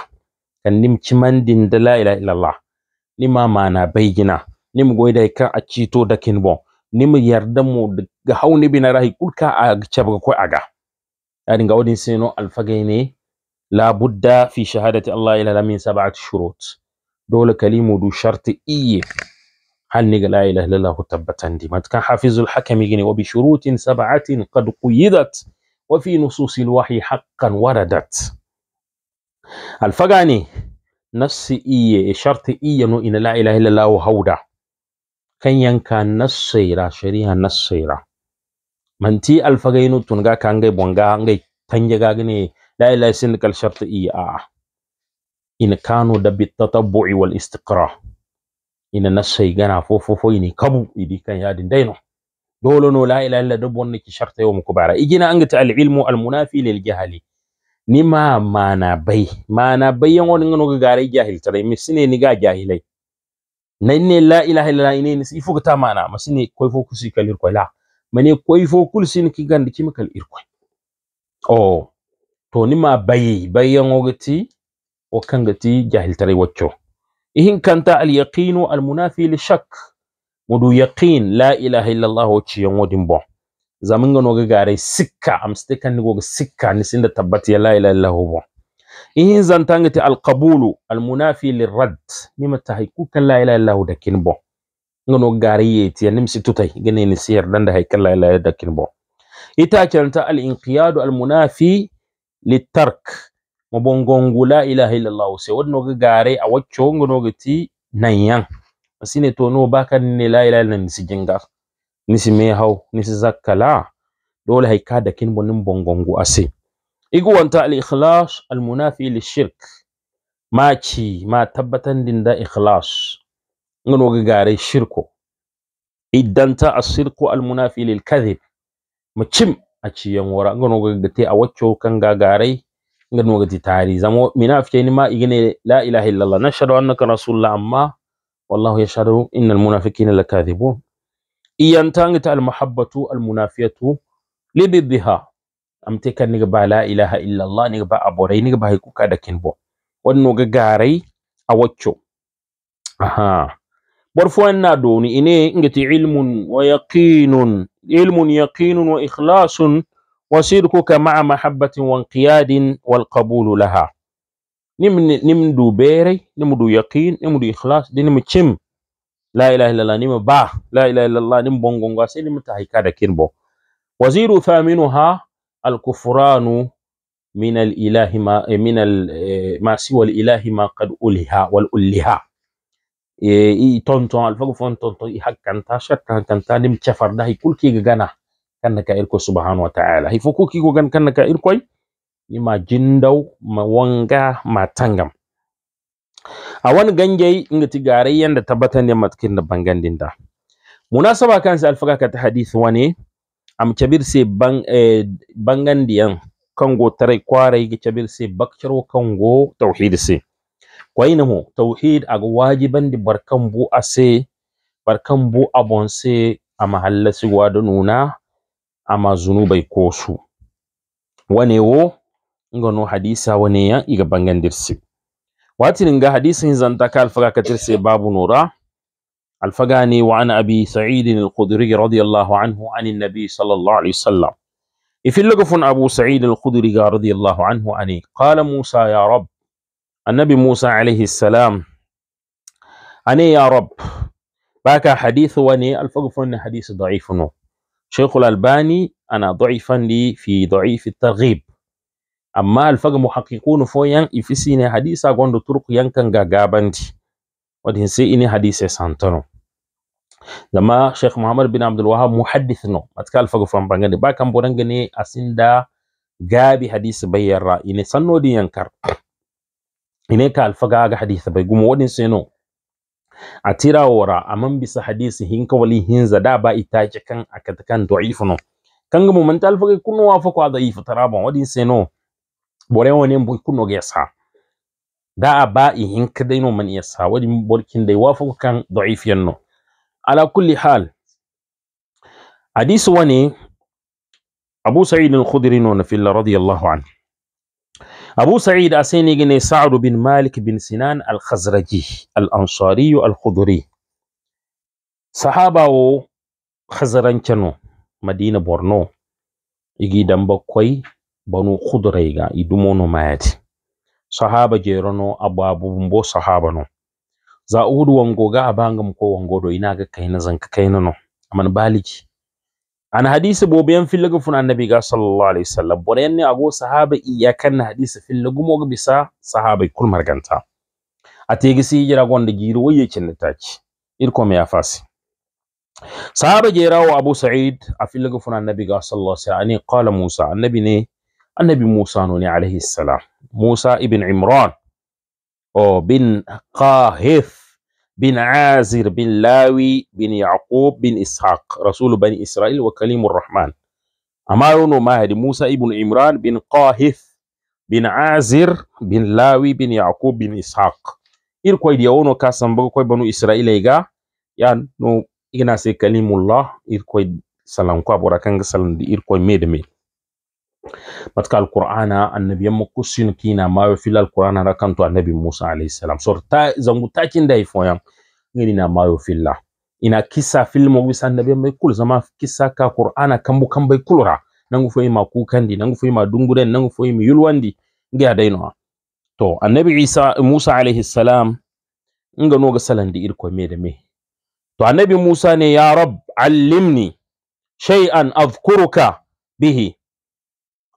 kan man din da la ilaha illallah ni ma mana bai gina nim goyda hay kan a cito da kin Ni mu yarda mu ga hauni binarahi kulka a chabga ko aga yani nga wadi nseno alfagaine la buddha fi shahadati allah ila la min sabaati shurot dole kalimu du sharti iye hanni ga la ilah lalahu tabbatandi di matkan hafizul hakami gine wa bi shurutin sab'atin qad quyidat wa fi nusus haqqan waradat alfagaine nafsi iye sharti iye no ina la ilah lalahu hawda kanyanka nasira shari'a nasira manti nu tunga kangai bonga ngai tanje gagni la ilaha sin kal shart i a in kanu da bit tatabbu'i wal istiqra na nasai gana fofo fo ini kabu idi kan din daino dole no la ilaha illa dabbo ne ki sharta yau muku bara igina anga ta al ilmu al munafi lil jahali ni ma mana bai mana yan wani ngano ga garai jahil tare mi sine ni ga jahilai nan ne la ilaha illa ine ni sifu ta mana masine koi fo kusi kalir la mane koy fo kul sin ki gandi chemical irkoy o to ni ma bayan ogati o kangati jahil tare wacco ihin kanta al yaqinu al munafi li shak mudu yaqin la ilaha illa allah o ciyan wodin bon zamin ga gare sikka am stikan ni goga sikka ni sinda tabbati la ilaha illa allah bon ihin zantangati al qabulu al munafi li rad ni mata haiku kan la ilaha illa allah dakin bon ngano gari ye tiya nimsi tutai gane ni siyar dan da haikalla ila yadda kin bo ita kiranta al inqiyadu al munafi litark mabongongu la ilaha illallah sai wadno ga gare a wacce ngano ga ti nanyan sine to no baka ne la ilaha illallah nisi jinga nisi me hau nisi zakkala dole haika da kin bonin bongongu ase igwanta al ikhlas al munafi lishirk ma ci ma tabbatan dinda da ikhlas ngonoga gare shirko iddanta asirku almunafi lil kadhib mucim aci yan wora ngonoga gate a wacco kanga gare ngonoga ti tari zamo minafike ni ma igine la ilaha illallah nashhadu annaka rasulullah amma wallahu yashhadu innal munafiqina lakathibun iyantangita almahabbatu almunafiyatu libiddiha amte kan niga ba la ilaha illallah niga ba aborai niga ba hikuka da kinbo wannan ga garai a wacce. aha برفوانا دوني إني إنجتي علم ويقين علم يقين وإخلاص وصدقك مع محبة وانقياد والقبول لها نم نم دو بيري نم دو يقين نم دو إخلاص دي نم تشم لا إله إلا الله نم با لا إله إلا الله نم بونغونغا سي نم تحيكا كادا كينبو وزير ثامنها الكفران من الإله ما من ما سوى الإله ما قد ألها والألها E, i tonton alfago fon tonton i hakkanta shakka hakkanta nim cafarda hay kulkiga gana kanna ka irko subhanahu wa ta'ala hi fo kulkigo gan kanna ka irkoy ma jindaw ma wanga ma tangam a wani ganjai inga tigarai yanda tabbatar ne matkin da bangandin da munasaba sai alfaga ka ta hadith wani am chabir se bang eh, bangandiyan kango tarai kwarai ga chabir se bakcaro kango tauhid se kwainahu tauhid aga wajibandi barkan bu ase barkan bu abonse ama hallasi gwado nuna ama zunubai kosu wane wo ngano hadisa wane yan iga bangandirsi واتن جا حديث زن كترسي باب نورا الفقاني وعن أبي سعيد القدري رضي الله عنه عن النبي صلى الله عليه وسلم إفلقف أبو سعيد القدري رضي الله عنه عنه قال موسى يا رب النبي موسى عليه السلام أني يا رب باكا حديث وني الفقف أن حديث ضعيف نو شيخ الألباني أنا ضعيفا لي في ضعيف الترغيب أما الفقه محققون فويا يفسين حديث أقوان طرق ينكن غابانتي ودين سيئني حديث سانتنو لما شيخ محمد بن عبد الوهاب محدث نو أتكال الفقه فان بانجاني باكا مبورنجني أسندا غابي حديث بيارا إني سنو ينكر ine ka alfaga ga hadisa bai gumo wadin seno a tira wara amman bisa hadisi hin kawali hin zada ba ita ke kan akatakan da'ifu no kan gumo man talfaga kunno wa fa kwa da'ifu taraban wadin seno bore woni bu kunno ga sa da a ba ihin ka dai no man yasa wadin borkin dai wa kan da'if yanno ala kulli hal Hadisu wane. abu sa'id al-khudri no na radiyallahu anhu أبو سعيد أسيني سعد بن مالك بن سنان الخزرجي الأنصاري الخضري صحابة خزرانشنو مدينة بورنو igi damba koy banu khudurayga idumono mayati sahaba jerono ababu mbo sahaba no za uhudu wangoga abangam ko wangodo inaga kaina zanka kaina no aman an hadisi bo ben fillaga fun annabi ga sallallahu alaihi wasallam boren ne ago sahaba iyakan na hadisi fillagu mo bisa sahaba kul marganta ategi si jira gonda giro waye cinnitaki irko me yafasi sahaba jerawo abu sa'id a fillaga fun annabi ga sallallahu alaihi wasallam ani qala musa annabi ne annabi musa no ne alaihi salam musa ibn imran o bin qahith bin azir bin lawi bin yaqub bin ishaq rasulu bani isra'il wa kalimur rahman amarono mahadi musa ibn imran bin qahif bin azir bin lawi bin yaqub bin ishaq ir koy dia wono kasambago koy banu isra'ila ga ya no ina se kalimullah ir koy salan ko abora kanga salan di ir koy matka alqur'ana muku sun kina mayo fil alqur'ana ra kanto annabi musa alayhi salam so ta zangu takin da ifoyam ngini na mayo filla ina kisa filmo wisa mai kul zama kisa ka qur'ana kambu bai kulura nangu foyi ma kukandi nangu foyi ma nan nangu foyi mi yulwandi ngiya dainoa to annabi isa musa alayhi salam nga salan di irko me da me to annabi musa ne ya rab allimni shay'an adhkuruka bihi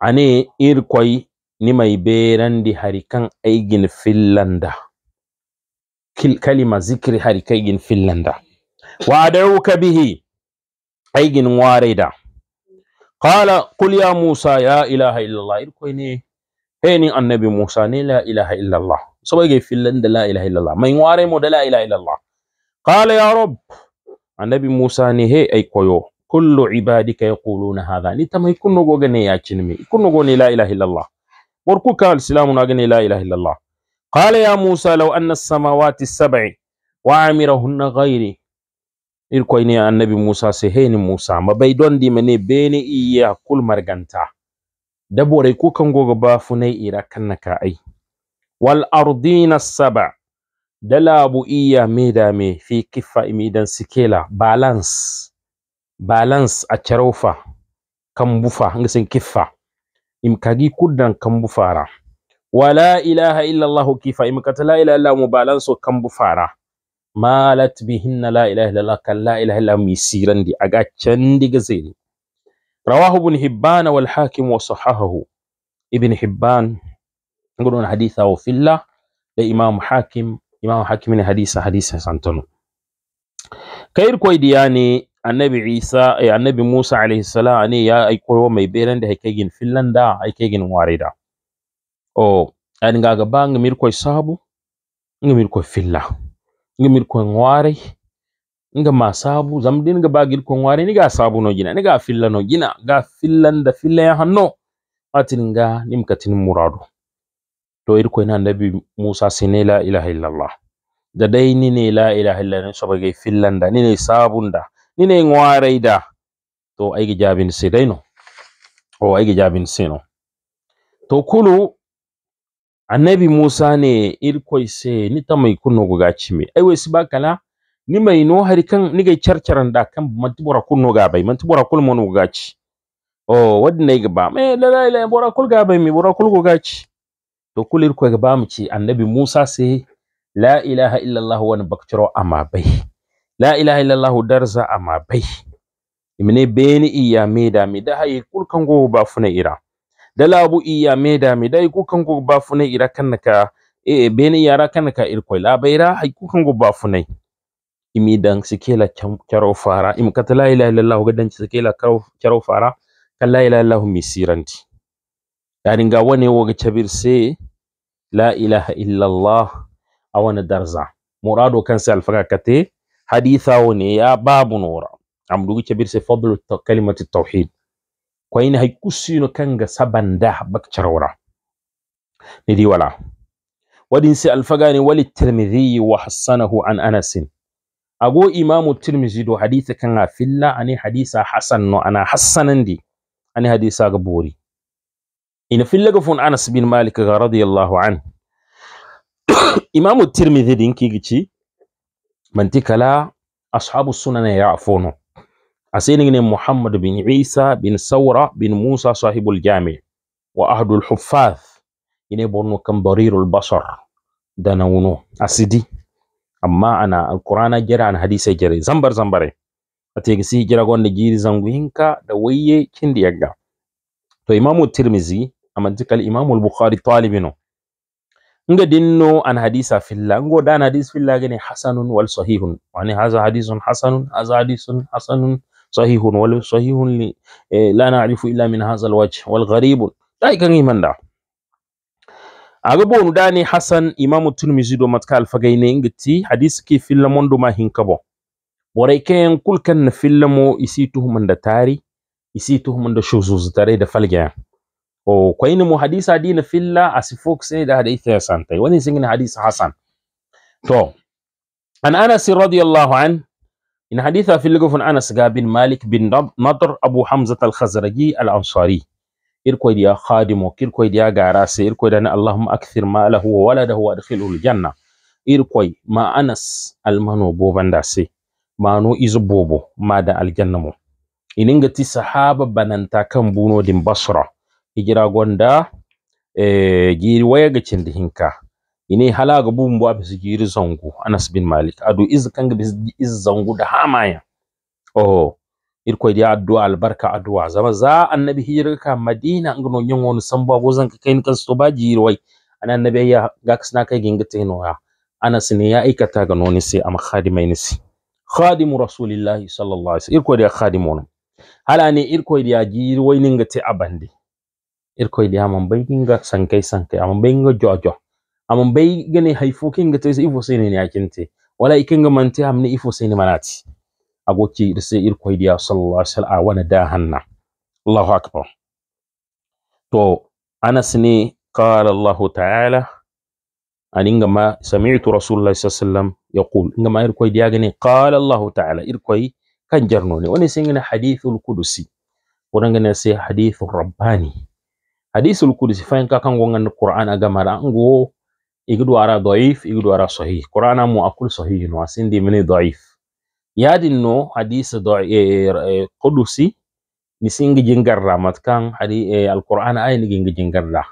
ane irkoy mai berandi hari kan aigin finlanda kalima zikri hari kaygin finlanda wa adawuka bihi aigin wareda qala qul ya musa ya ilaha illallah irkoy ne heni annabi musa ne la ilaha illallah saboyge finlanda la ilaha illallah may ware mo da la ilaha illallah qala ya rab annabi musa ne he ay koyo kullu ibadika yaquluna hadha ni tamay kunno gogane yachinmi kunno gone la ilaha illallah worku ka alislamu nagane la ilaha illallah qala ya musa law anna as-samawati as-sab'i wa amirahunna ghayri annabi musa se heyni musa ma bay dondi mene bene iya kul marganta daborai kukan goga bafunai ira kannaka ai wal ardina saba da labu iya me fi kifa imidan sikela balance balance a charofa kan bufa nga sen kiffa im kagi kuddan kan bufara wala ilaha illa allah kifa im kata la ilaha illa mu balance kan bufara malat bihinna la ilaha illa allah kan la ilaha illa mi sirandi aga candi gazeni rawahu ibn hibban wal hakim wa sahahahu ibn hibban ngudon haditha wa fillah da imam hakim imam hakim ne hadisa hadisa santano kair koy diyani annabi isa eh, annabi musa alaihi salam ne ya aiko mai beren da haikegin finlanda gin warida o an ga gaba nga mirko sabu nga mirko filla ga mirko ngware nga ma sabu zam din ga ba girko ngware ni ga sabu no gina ni ga filla no gina ga finlanda filla ya hanno atin ga tin muradu to irko ina annabi musa sinela ilaha illallah da dai ni ne la ilaha illallah sabagai finlanda ni ne sabunda nine da. to aygi jaabin no o aygi jaabin no. to kulu annabi musa ne Irkoi se ni ta mai tamay kunnogo gacimi su ba kala ni mai no hari kan ni gai carcaran da kan manti bora kunno ga bai manti bora kul mono gaci o wadda ne ga ba me lalai la bura bora kul ga bai mai bora kul go gaci to kulir ko ga ba mu ci annabi musa sai la ilaha illallah wa bakciro amma bai la ilaha illallah darza ama bai imne beni iya meda mi da hayi kulkan go ba funa ira da labu iya meda mi dai kulkan go ba funa ira kanaka e, e beni yara kannaka irkoi la baira hayi kulkan go ba funa imi dan sikela karo fara im kata la ilaha illallah ga sikela karo karo fara kan la ilaha illallah misiranti siranti yani ga wane ga chabir se la ilaha illallah awana darza murado kan sai alfaka kate hadithawone ya babunora am dugu cabirse fadlu kalimati tawhid koyne hay kussino kanga sabanda bakcarora nidi wala waɗin si alfagani wali Tirmidhi wa hassanahu an anasin ago imamu tirmidhi do haditha kanga filla ani hadisa hasan no ana hassanandi ani hadisa ga ina fillaga anas bin malik a. radiallahu an (coughs) imamu tirmidhi ɗin kigici mantikala ashabu sunana ya'funu ne muhammad bin isa bin Saura bin musa sahibul jami wa ahdul huffath ine bonno kam barirul basar dana a asidi amma ana alqur'ana jere ana hadise jere zambar zambare ategi si hijira gonde jiri zangu da waye kindi yagga to imamu tirmizi amantikal imamu al-bukhari talibino nga dinno an hadisa filla ngo dan hadis filla gane hasanun wal sahihun Wani haza hadisun hasanun haza hadisun hasanun sahihun wal sahihun li eh, la na'rifu illa min haza al wajh wal gharib dai kan da. aga bonu dani hasan imam tirmizi do matkal fagayne ngati hadis ki filla mondo ma hinkabo boray kayen kulkan filla mo isi da tari isi da shuzuz tare da falgaya o koyni mo hadisa dina filla asi fokusede hadithe asantay woni singini hadisa hasan to an anas radiallahu an ina hadisa filligo fon anas ga bin malik bin nadr abu hamzat alkhazraji al ansari irkoyɗiya khadimo irkoyɗiya garase dana allahuma akthir malahu wa waladahu wa adkhilhu ljanna irkoy ma anas almano bovanda se mano izo bobo mada aljanna mo iningati sahaba bananta kan bunodin basra hijira gonda e eh, giri waya ga cindi hinka ine halaga bubun bo bis giri zangu Anas bin Malik adu iz kanga bis iz zangu da hamaya oh irko dia addu'a albarka addu'a zama za annabi hijira ka Madina ngano nyon wonu samba go zanka kain kan sto ba giri wai ana annabi ya ga kasna kai ginga teno ya Anas ne ya aikata ga noni sai am khadimaini si khadimu rasulillahi sallallahu alaihi wasallam irko dia khadimu hala ne irko dia giri wai ninga te abande irkoyɗi ha man bayginga sankay sankay aman bayginga joa joa aman baygane hay fo kinga tawsa ifo senene kinte wala ikinga mante amne ifo sene manati ago sai se irkoyɗi ya sallallah alih sallam a wana da hanna allahu akbar to anas ne qala allahu taala ma samitu rasulullah sa sallam yaqul ingama irkoyɗi yagane qala allahu taala irkoy kan wani woni sengene hadithul kudusi wonangene sai hadithul rabbani hadisul qudsi fayin kakan gongan qur'ana gamara ngo igdu ara dhaif igdu ara sahih qur'ana mu akul sahih no asindi mini dhaif yadin no hadisi eh, eh, qudusi nisingi jingar ramat kan hadi eh, alqur'ana ay nigingi jingar la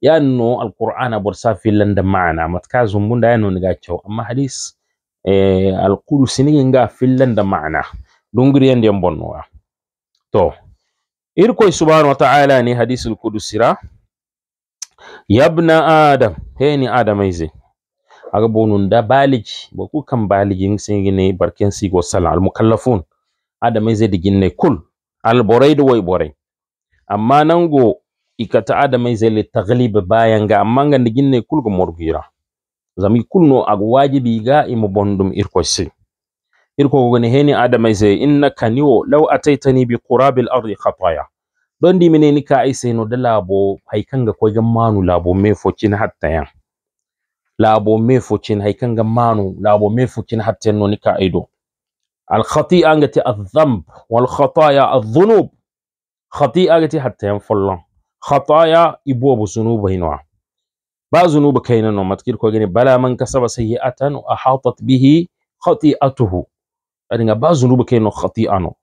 yadin no alqur'ana bursa filan da ma'ana matka zumbunda yano niga cewa amma hadis nigi niginga filan da ma'ana dungri yande bonnowa to irkoy subhanahu wataala ni hadisul kudusira yabna adam heni adamaize aga bonun da baliji boku kan balijin singine barken sigo sala al mukallafun adamaize diginne kul al borai da wai borai amma nango ikata adamaize le taglib bayan ga amma ga diginne kul go morgira zami kulno ag wajibi ga imu bondum irko si irko gani heni adamai sai innaka niwo law ataitani bi qurabil ardi khataya don di mine nika ai sai no da labo haikan ga koi gan manu labo me focin hatta yan labo me focin haikan ga manu labo me focin hatta no nika aido al khati'a ngati adh-dhanb wal khataya adh-dhunub khati'a ngati hatta yan follon khataya ibobu zunuba hinwa ba zunuba kaina no matkir ko gani bala man kasaba sayyi'atan ahatat bihi khati'atuhu أرنا بازنوب كينو خطيئة نو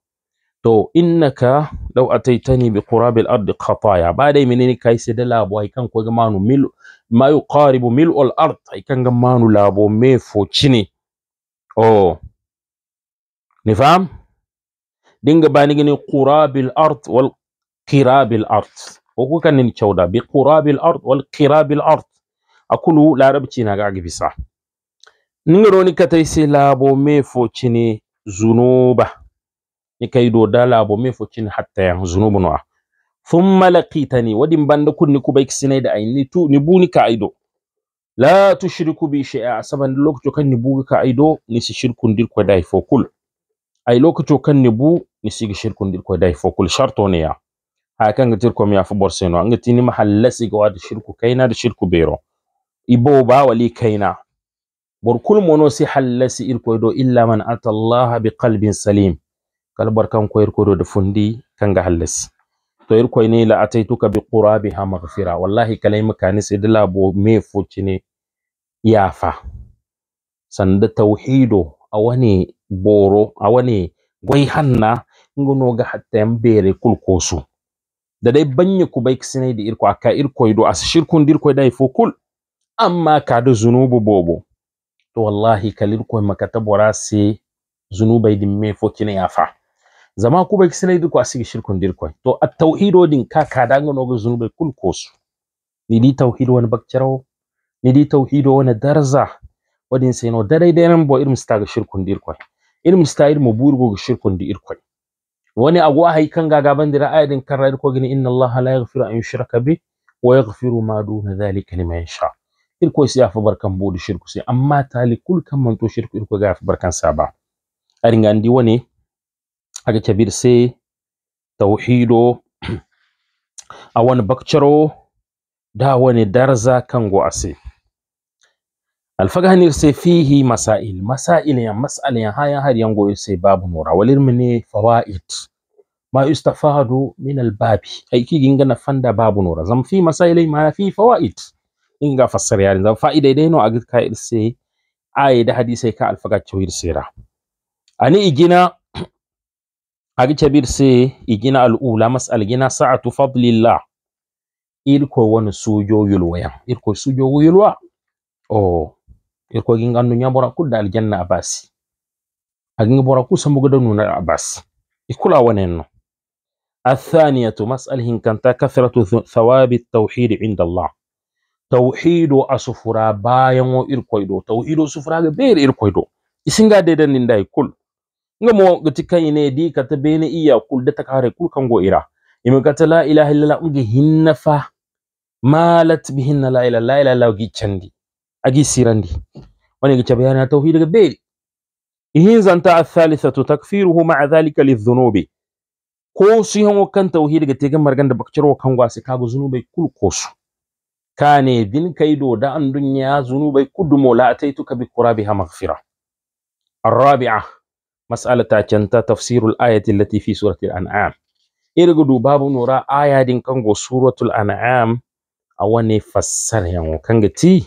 تو إنك لو أتيتني بقراب الأرض خطايا بعد مني كاي سدلا أبو هاي كان كوجمانو مل ما يقارب مل الأرض هاي كان جمانو لابو ميفو تشني أو نفهم دينغ بانيغني قراب الأرض والقراب الأرض وكو كان نتشاودا بقراب الأرض والقراب الأرض أقولو لا ربتي ناقا عقبي صح نيروني كتيسي لابو ميفو تشني zunuba ni do dala bo me kin hatta yan zunubu no thumma laqitani wadin banda kunni ku bai kisine da ni tu ni buni ka aido la tushriku bi shay'a saban lokacin kan ni buga ka aido ni si shirkun dir ko dai kul ai lokacin kan ni bu ni si shirkun dir ko dai fokul sharto ne ya kan ga tirkom ya fi borseno an ga tini mahallasi ga wad shirku kaina da shirku bero ibo ba wali kaina borkul mono si hallasi irkoyɗo illa man ata kalbin bi qalbin salim barkan barkanko fundi de fundi kanga hallasi to irkoyni la ataituka bi qurabiha maghfira wallahi kalayma kanis idla bo me focine yafa sanda tauhido awani boro awani goy hanna ngonoga hattayan beere kulkosu dai banye ku bai kubay kisinayde irko aka irkoyɗo asa shirkundirkoyɗa e fo kul amma ka kada zunubu bobo to wallahi kalir ko makata bora se zunubai din me foki ne yafa zama ku bai kisne duk ko asigi shirkun dir to at tauhido din ka ka danga no ga zunubai kul kosu ni di tauhido wani bakcharo ni di tauhido wani darza wadin sai no dare dai nan bo irin sta ga shirkun dir irin sta irin maburigo ga shirkun dir wani agwa hay kan gagaban dira ayadin karra ko gini inna allaha la yaghfiru an yushraka bi wa yaghfiru ma duna dhalika liman yasha irko ya fi barkan bodu shirku sai amma tali kul kan manto shirku irko ga fi barkan A ringa ndi wani aga kabir sai tauhido a wani bakcaro da wani darza kan go ase alfagahanir sai fihi masail masail ya mas'al ya hayan har yango sai babu nura walir ne fawaid ma yustafadu من aiki aiki كي fanda babu nora نورا زم ma مسائل ma fi fa'wa'id. inga fassara yarin za fa'ida dai no aga ka irse ayi da hadisi ka alfaga chawir sira ani igina aga chabir se igina al'ula mas'al gina sa'atu fadlillah irko wani sujo yulwayan irko sujo yulwa oh irko ginga nunya bora ku dal janna abasi agin bora ku sambuga da nuna abasi ikula wanen no الثانية مسألة كانت كثرة ثواب التوحيد عند الله Tauhidu a sufura bayan o Tauhidu sufura sufuraga beere irkoyɗo isinga deden ndin ndayi kul ngamo gati kayine di kata bene iya kul data kare kul kango ira imi kata la ilaha illallah unge hinna fa malat bihinna la ilaha la ilaha gi candi agi sirandi wani gica bayani tawhid ga beere ihin zanta athalithatu takfiruhu ma'a dhalika lidhunubi ko su hango kan tawhid ga tegan margan da bakciro kan gwasi kago zunubai kul kane din kai do da an dunya zunubai kudumo la ataitu ka bi qurabi ha maghfira arabi'a mas'alat ta canta tafsirul ayati allati fi suratil an'am irgudu babu nura aya din kango suratul an'am awane fassar yan kanga ti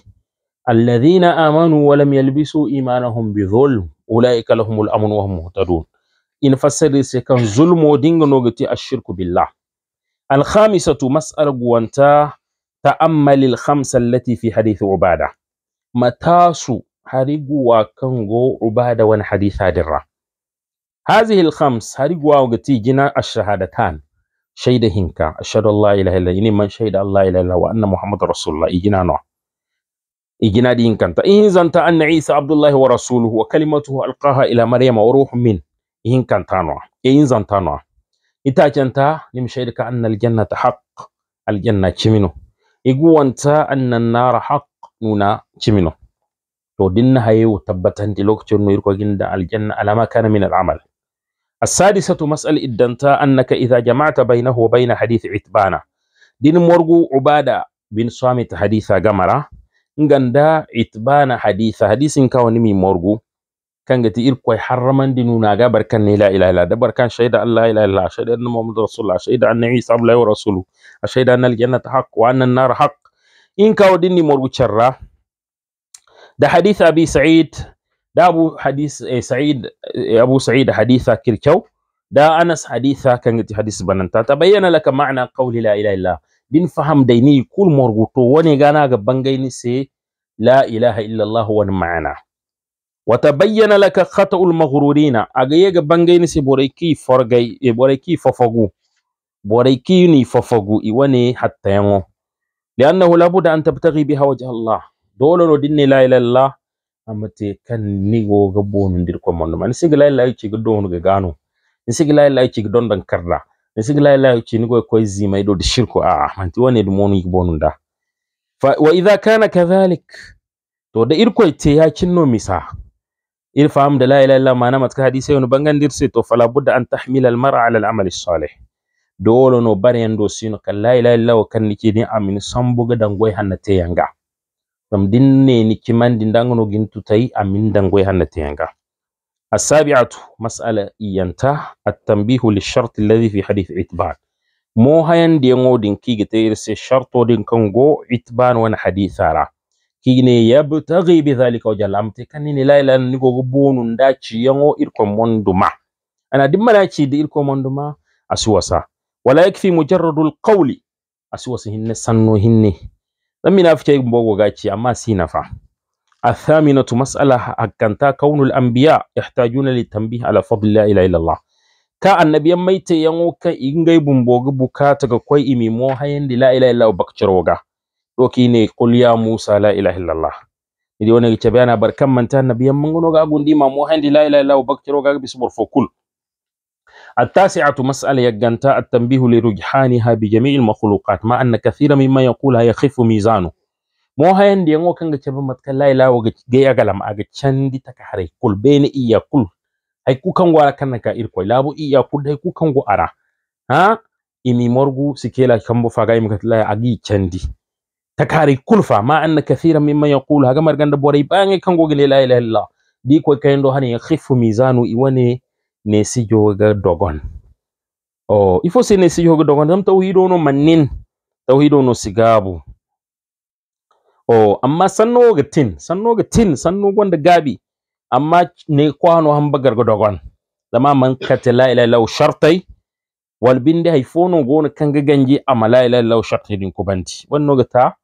alladhina amanu wa lam yalbisu imanahum bi dhulm ulaika lahumul amn wa hum muhtadun in fassari se kan zulmo dinga nogati ashirku billah alkhamisatu mas'alu gwanta. تأمل الخمسة التي في حديث عبادة ubada matasu hariguwa kango ubada wan hadith adirra هذه الخمس هريقوا وقتي جنا الشهادتان شهد هنكا أشهد الله إله إلا إني من شهد الله إله إلا وأن محمد رسول الله إجنا نوع إجنا دين كانت إن زنت أن عيسى عبد الله ورسوله وكلمته ألقاها إلى مريم وروح من إن كانت نوع إن زنت نوع إتاجنتا جنتا أن الجنة حق الجنة كمنه iguwanta annan nara haq nuna cimino to na hayo tabbatan di lokacin no irko ginda aljanna alama kana min al'amal as-sadisatu mas'al iddanta annaka idha jama'ta bainahu wa bain hadith itbana din morgu ubada bin samit haditha gamara nganda itbana haditha hadisin kawani mi morgu كان جت إير كوي حرمان دينو ناجا بركان نيلا إلى إلى ده بركان شهيد الله إلى إلى شهيد أن محمد رسول الله شهيد أن عيسى عبد الله ورسوله شهيد أن الجنة حق وأن النار حق إن كوديني مرو شرّا ده حديث أبي سعيد ده أبو حديث إيه سعيد إيه أبو سعيد حديثة كيركو ده أنس حديثة كان جت حديث بننتا تبين لك معنى قول لا إله إلا دين فهم ديني كل مرغوتو وني غانا غبانغيني سي لا إله إلا الله هو المعنى watabayyana laka khata'ul maghrurina agaye ga bangaini si borayki forgay e borayki fofogu borayki ni fofogu iwane hatta yango li'annahu labudda an tabtaghi biha wajha Allah dole no dinne la ilaha illallah amate kan ni go ga bonu dir ko mon man sigi la ilaha ci ga donu ga gano ni sigi la ilaha ci ga don dan karda ni sigi la ilaha ci ni go koy zimay do shirku a manti wane du monu bonu da fa wa idha kana kadhalik to da irko te ya cinno misa irfam da la ilaha illallah mana matka hadisi on bangandir dirse to fala da an tahmila al mar'a ala al amali salih dolo no bare ndo sino kan la ilaha illallah kan niki ni amin buga ga dangoy hanate yanga dum ne Niki kiman din dangono gintu tai amin dangoy hanate yanga A sabiatu mas'ala iyanta a tanbihu li sharti alladhi fi hadith itban mo hayan di ngodin kigi tayir sharto din kango itban wani hadithara kine yabtaghi bi zalika wajal amte kanini laila nigo go bonun yango irko monduma ana dimmara ci da irko monduma asuwasa wala yakfi mujarradul qawli asuwasa hinne sanno hinne dan mina fice mbogo gaci amma sina fa الثامنة مسألة hakanta, كون الأنبياء يحتاجون للتنبيه على فضل لا إله إلا الله ka annabiyan maita yango ka ingai bumbogi bukata ga kwai imimo hayan da la ilaha illallah bakcir waga doki ne kulya musa la ilaha illallah idi wona ke tabana bar kam man tan nabiyam ngono ga gundi ma mo handi la ilaha illallah bakki roga bi subur fukul التاسعه مساله يغنتا التنبيه لرجحانها بجميع المخلوقات ما ان ya galam aga chandi taka hare kul bene iya kul ay ku ka ir ko ila bu iya ha imi morgu sikela kambo faga imi kala agi chandi takari kulfa ma anna kathiran mimman yaqulu haga marganda boray bange kango gele la ilaha di hani mizanu iwane ne sijo ga dogon o ifo se ne sijo dogon dam tawhido no mannin tawhido no sigabu o amma sanno ga tin sanno ga tin sanno wanda gabi amma ne kwano hambagar ga dogon zama man kata la ilaha hay fono gona kanga ganje amma la ilaha illallah kubanti wannan ta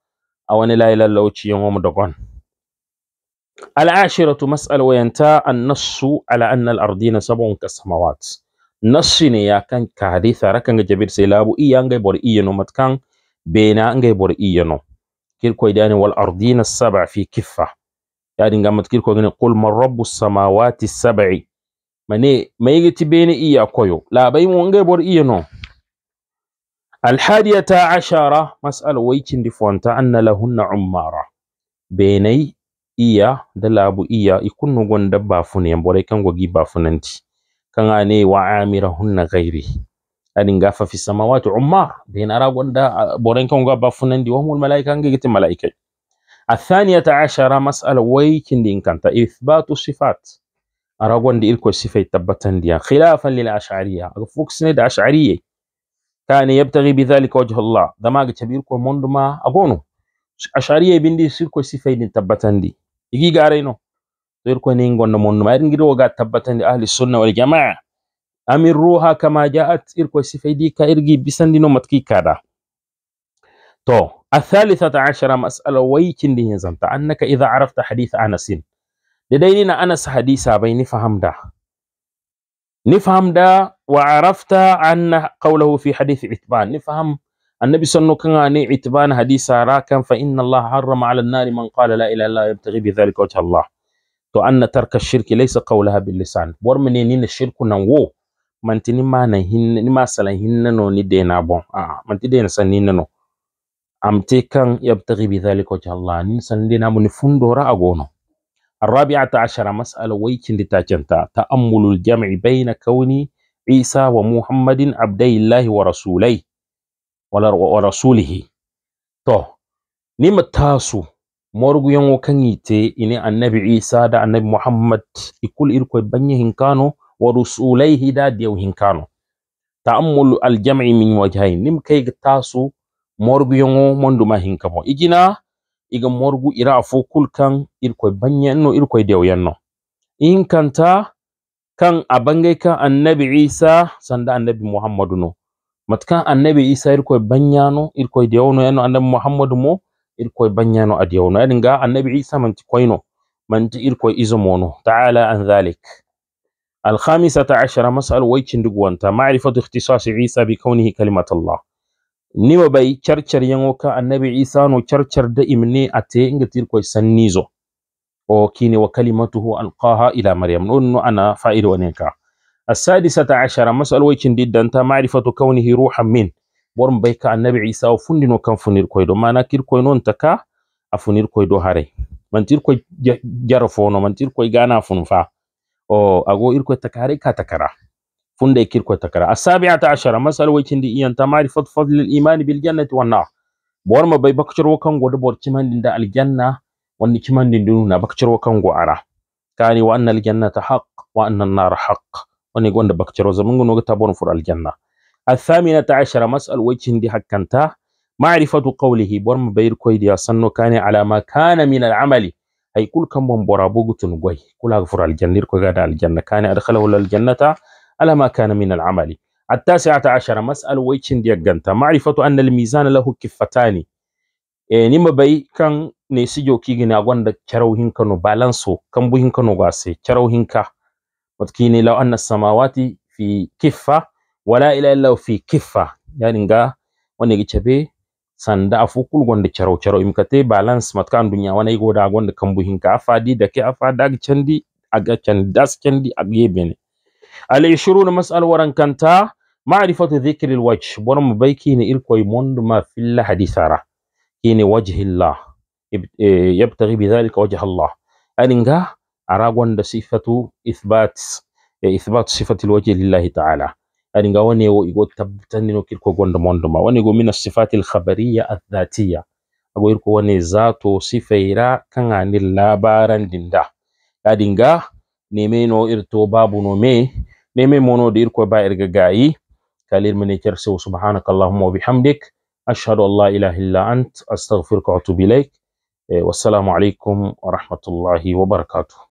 a wani layilan lauci yin wamu da gwan. Al’ashira tu matsala wayan ta an nassu sabon kasamawat. Nassu ne ya kan kari tsara ga jabir sai labu iya an gaibar iya matkan bena an gaibar iya no. Kirkwai da saba fi kifa. Ya dinga matkirkwai gina kulmar rabu samawati saba'i. Mane, mai yi ti bene iya koyo, labai mu an gaibar iya الحادية عشرة مسألة ويكين دي فونتا أن لهن عمارة بيني إيا دل أبو إيا يكون نغن دبا فوني يمبوري كان وغي بافننتي كان غاني وعامرهن غيري أدين غافا في السماوات عمار بين أراغون دا بورين كان وغا بافنندي وهم الملائكة نغيت ملائكة الثانية عشرة مسألة ويكين دي انكانتا إثبات الصفات أراغون دي إلكو الصفة تبتن دي خلافا للأشعرية أغفوكسني دا أشعرية kani yabtaghi bidhalika wajha Allah damaga cabir ko monduma agono ashariye bindi sirko sifaydin tabbatandi igi garayno sirko ko ni gonda monduma irin gido ga tabbatandi ahli sunna wal jamaa amir ruha kama jaat irko sifaydi ka irgi no matki kada to الثالثة عشرة مسألة ويكن دي زمت أنك إذا عرفت حديث أنس لدينا أنس hadisa bai ni fahamda نفهم دا وعرفت أن قوله في حديث عتبان نفهم النبي صلى الله عليه وسلم عتبان حديث راكم فإن الله حرم على النار من قال لا إله إلا الله يبتغي بذلك وجه الله تو أن ترك الشرك ليس قولها باللسان ورمني نين الشرك نو من ni ما na hin ni نو ندينا hinna آه من تدين سنين نو أم تكن يبتغي بذلك وجه الله no am te kan yabtaghi الرابعة عشر مسألة ويكن لتاكنتا تأمل الجمع بين كون عيسى ومحمد عبدي الله ورسوليه ورسوله تو نيم تاسو morgu yango kan yite ine annabi isa da annabi muhammad ikul irko banye hinkano wa rusulaihi da diyaw hinkano ta'ammulu aljam'i min wajhain nim kay tasu morgu Manduma monduma igina iga morgu ira afo kul kan irkoy banyano irkoy dewyanno in kanta kan abangay kan annabi isa sanda annabi muhammadu no matkan annabi isa irkoy banyano irkoy yano yanno annabi muhammadu mo irkoy banyano a no yani nga annabi isa manti koyno manti irkoy izomono taala an dhalik الخامسة عشرة مسألة ويتشندق وانت معرفة اختصاص عيسى بكونه كلمة الله nima bai charchar yango ka annabi isa no charchar da imne a te inga tir koy sanni zo o kini wa kalimatuhu alqaha ila maryam non no ana fa'ir wa nika asadisata ashara mas'al wai kin diddan ta ma'rifatu kaunihi ruhan min borum bai ka annabi isa o fundi no kan funir koy do mana kir koy non taka a funir koy do hare man tir koy jarofono man tir koy gana funfa o ago ir koy takare ka takara funda ya kirko takara. Asabia ata ashara masal wiki ndi iyan tamari fadfadli l'imani bil janna ti wanna. Buwarma bay bakchar wakangwa dabor chimandi nda al janna wani chimandi nduna bakchar wakangwa ara. Kani wa anna al janna ta haq wa anna nara haq. Wani gwanda bakchar waza mungu nwaga taborun fur al janna. Athamina ata ashara masal wiki ndi hakkanta ma'rifatu qawlihi buwarma bayir kwa hidi asanno kani ala ma kana min al amali. Hay kul kambwa mbora bugu tunugwai. Kul agfur al janna irkwa gada al janna kani adkhala al janna على ما كان من العمل التاسعة عشر مسألة ويتشن ديغانتا معرفة أن الميزان له كفتان e nima bai kan ne sijo kigina gwanda charau hinka no balanso kambu hinka no gase charau hinka watkini law anna samawati fi kiffa wala ila illa fi kiffa yani nga wani gichebe sanda afukul gwanda charau charau imkate balance matkan dunya wana igoda gwanda kambu hinka afadi dake afada gichandi aga chandi das chandi agyebene al 20 mas'al waran kanta ma'rifatu dhikril wajh bonon mo bay kine irkoye monduma filla hadisara kine wajhillah e, yabtaghi bidhalika wajha allah ani nga ara gonda sifatu ithbat e, ithbat sifati lwajhi lillahi taala ani nga woni wo igo tabbitanino kirko gondo monduma woni go min asifati alkhabariya athatiya ago irko woni zato sifaira kan anil labaran dinda kadi ir irto babu no me neme mono dir ko ba irga gayi kalir mene ker wa subhanak allahumma wa bihamdik ashhadu an la ilaha illa ant astaghfiruka wa atubu ilaik eh, wassalamu alaikum wa rahmatullahi wa barakatuh